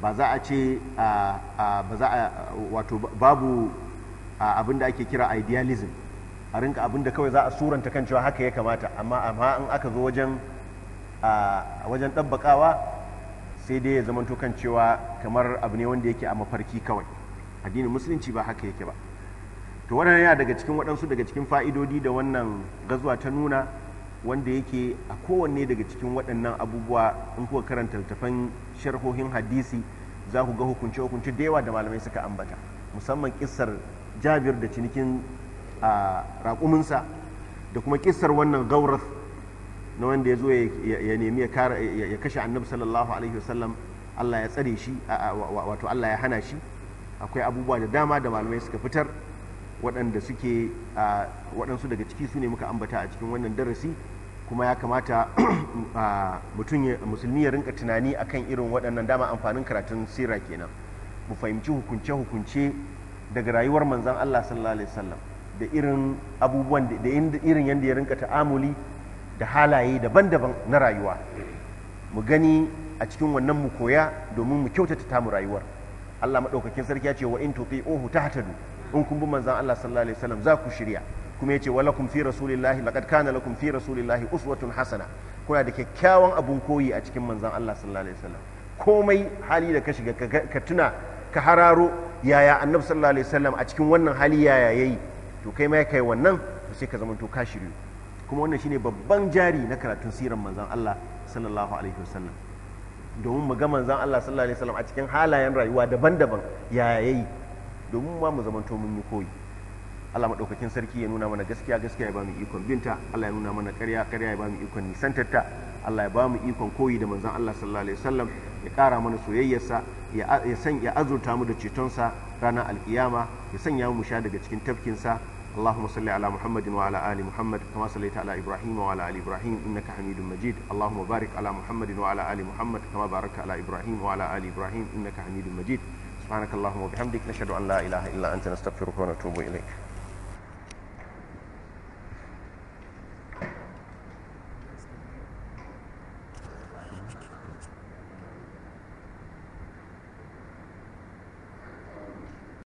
Speaker 1: ba za a ce ba za a wato babu abin da ake kira idealism a rinka abin da kawai za a suranta kan cewa haka ya kamata amma amma in aka zo wajen wajen ɗabbaƙawa sai dai ya zamanto kan cewa kamar abu ne wanda yake a mafarki kawai addinin musulunci ba haka yake ba to wannan yana daga cikin waɗansu daga cikin fa'idodi da wannan gazuwa ta nuna wanda yake a kowanne daga cikin waɗannan abubuwa in kuka karanta littafan sharhohin hadisi za ku ga hukunce hukunce da yawa da malamai suka ambata musamman kisar jabir da cinikin raƙuminsa da kuma kissar wannan gaurath na wanda ya zo ya nemi ya kashe annabi sallallahu alaihi wasallam Allah ya tsare shi wato Allah ya hana shi akwai abubuwa da dama da malamai suka fitar waɗanda suke waɗansu daga ciki su ne muka ambata a cikin wannan darasi kuma ya kamata mutum musulmi ya rinka tunani akan irin waɗannan dama amfanin karatun sira kenan mu fahimci hukunce-hukunce daga rayuwar manzan Allah sallallahu alaihi wasallam da irin abubuwan da irin yadda ya rinka ta'amuli da halaye daban-daban na rayuwa mu gani a cikin wannan mu koya domin mu kyautata tamu rayuwar Allah maɗaukakin sarki ya ce wa in tuti'uhu tahtadu in kun bi manzan Allah sallallahu alaihi wasallam za ku shirya kuma yace walakum fi rasulillahi laqad kana lakum fi rasulillahi uswatun hasana kuna da kyakkyawan abun koyi a cikin manzan Allah sallallahu alaihi wasallam komai hali da ka shiga ka tuna ka hararo yaya annabi sallallahu alaihi wasallam a cikin wannan hali yaya yayi to kai ma kai wannan to sai ka to ka shiryu kuma wannan shine babban jari na karatun siran manzan Allah sallallahu alaihi wasallam domin mu ga manzan Allah sallallahu alaihi wasallam a cikin halayen rayuwa daban-daban yaya yayi domin ma mu zamanto mun yi koyi Allah madaukakin sarki ya nuna mana gaskiya gaskiya ya bamu ikon binta Allah ya nuna mana ƙarya ƙarya ya bamu ikon nisantarta Allah ya ba mu ikon koyi da manzon Allah sallallahu alaihi wasallam ya ƙara mana soyayyarsa ya san ya azurta mu da cetonsa ranar alkiyama ya sanya mu sha daga cikin tafkinsa اللهم صل على محمد وعلى آل محمد كما صليت على إبراهيم وعلى آل إبراهيم إنك حميد مجيد اللهم بارك على محمد وعلى آل محمد كما باركت على إبراهيم وعلى آل إبراهيم إنك حميد مجيد subhanakallahumma wa bihamdik nashhadu an la ilaha illa anta nastaghfiruka na tubu ilaik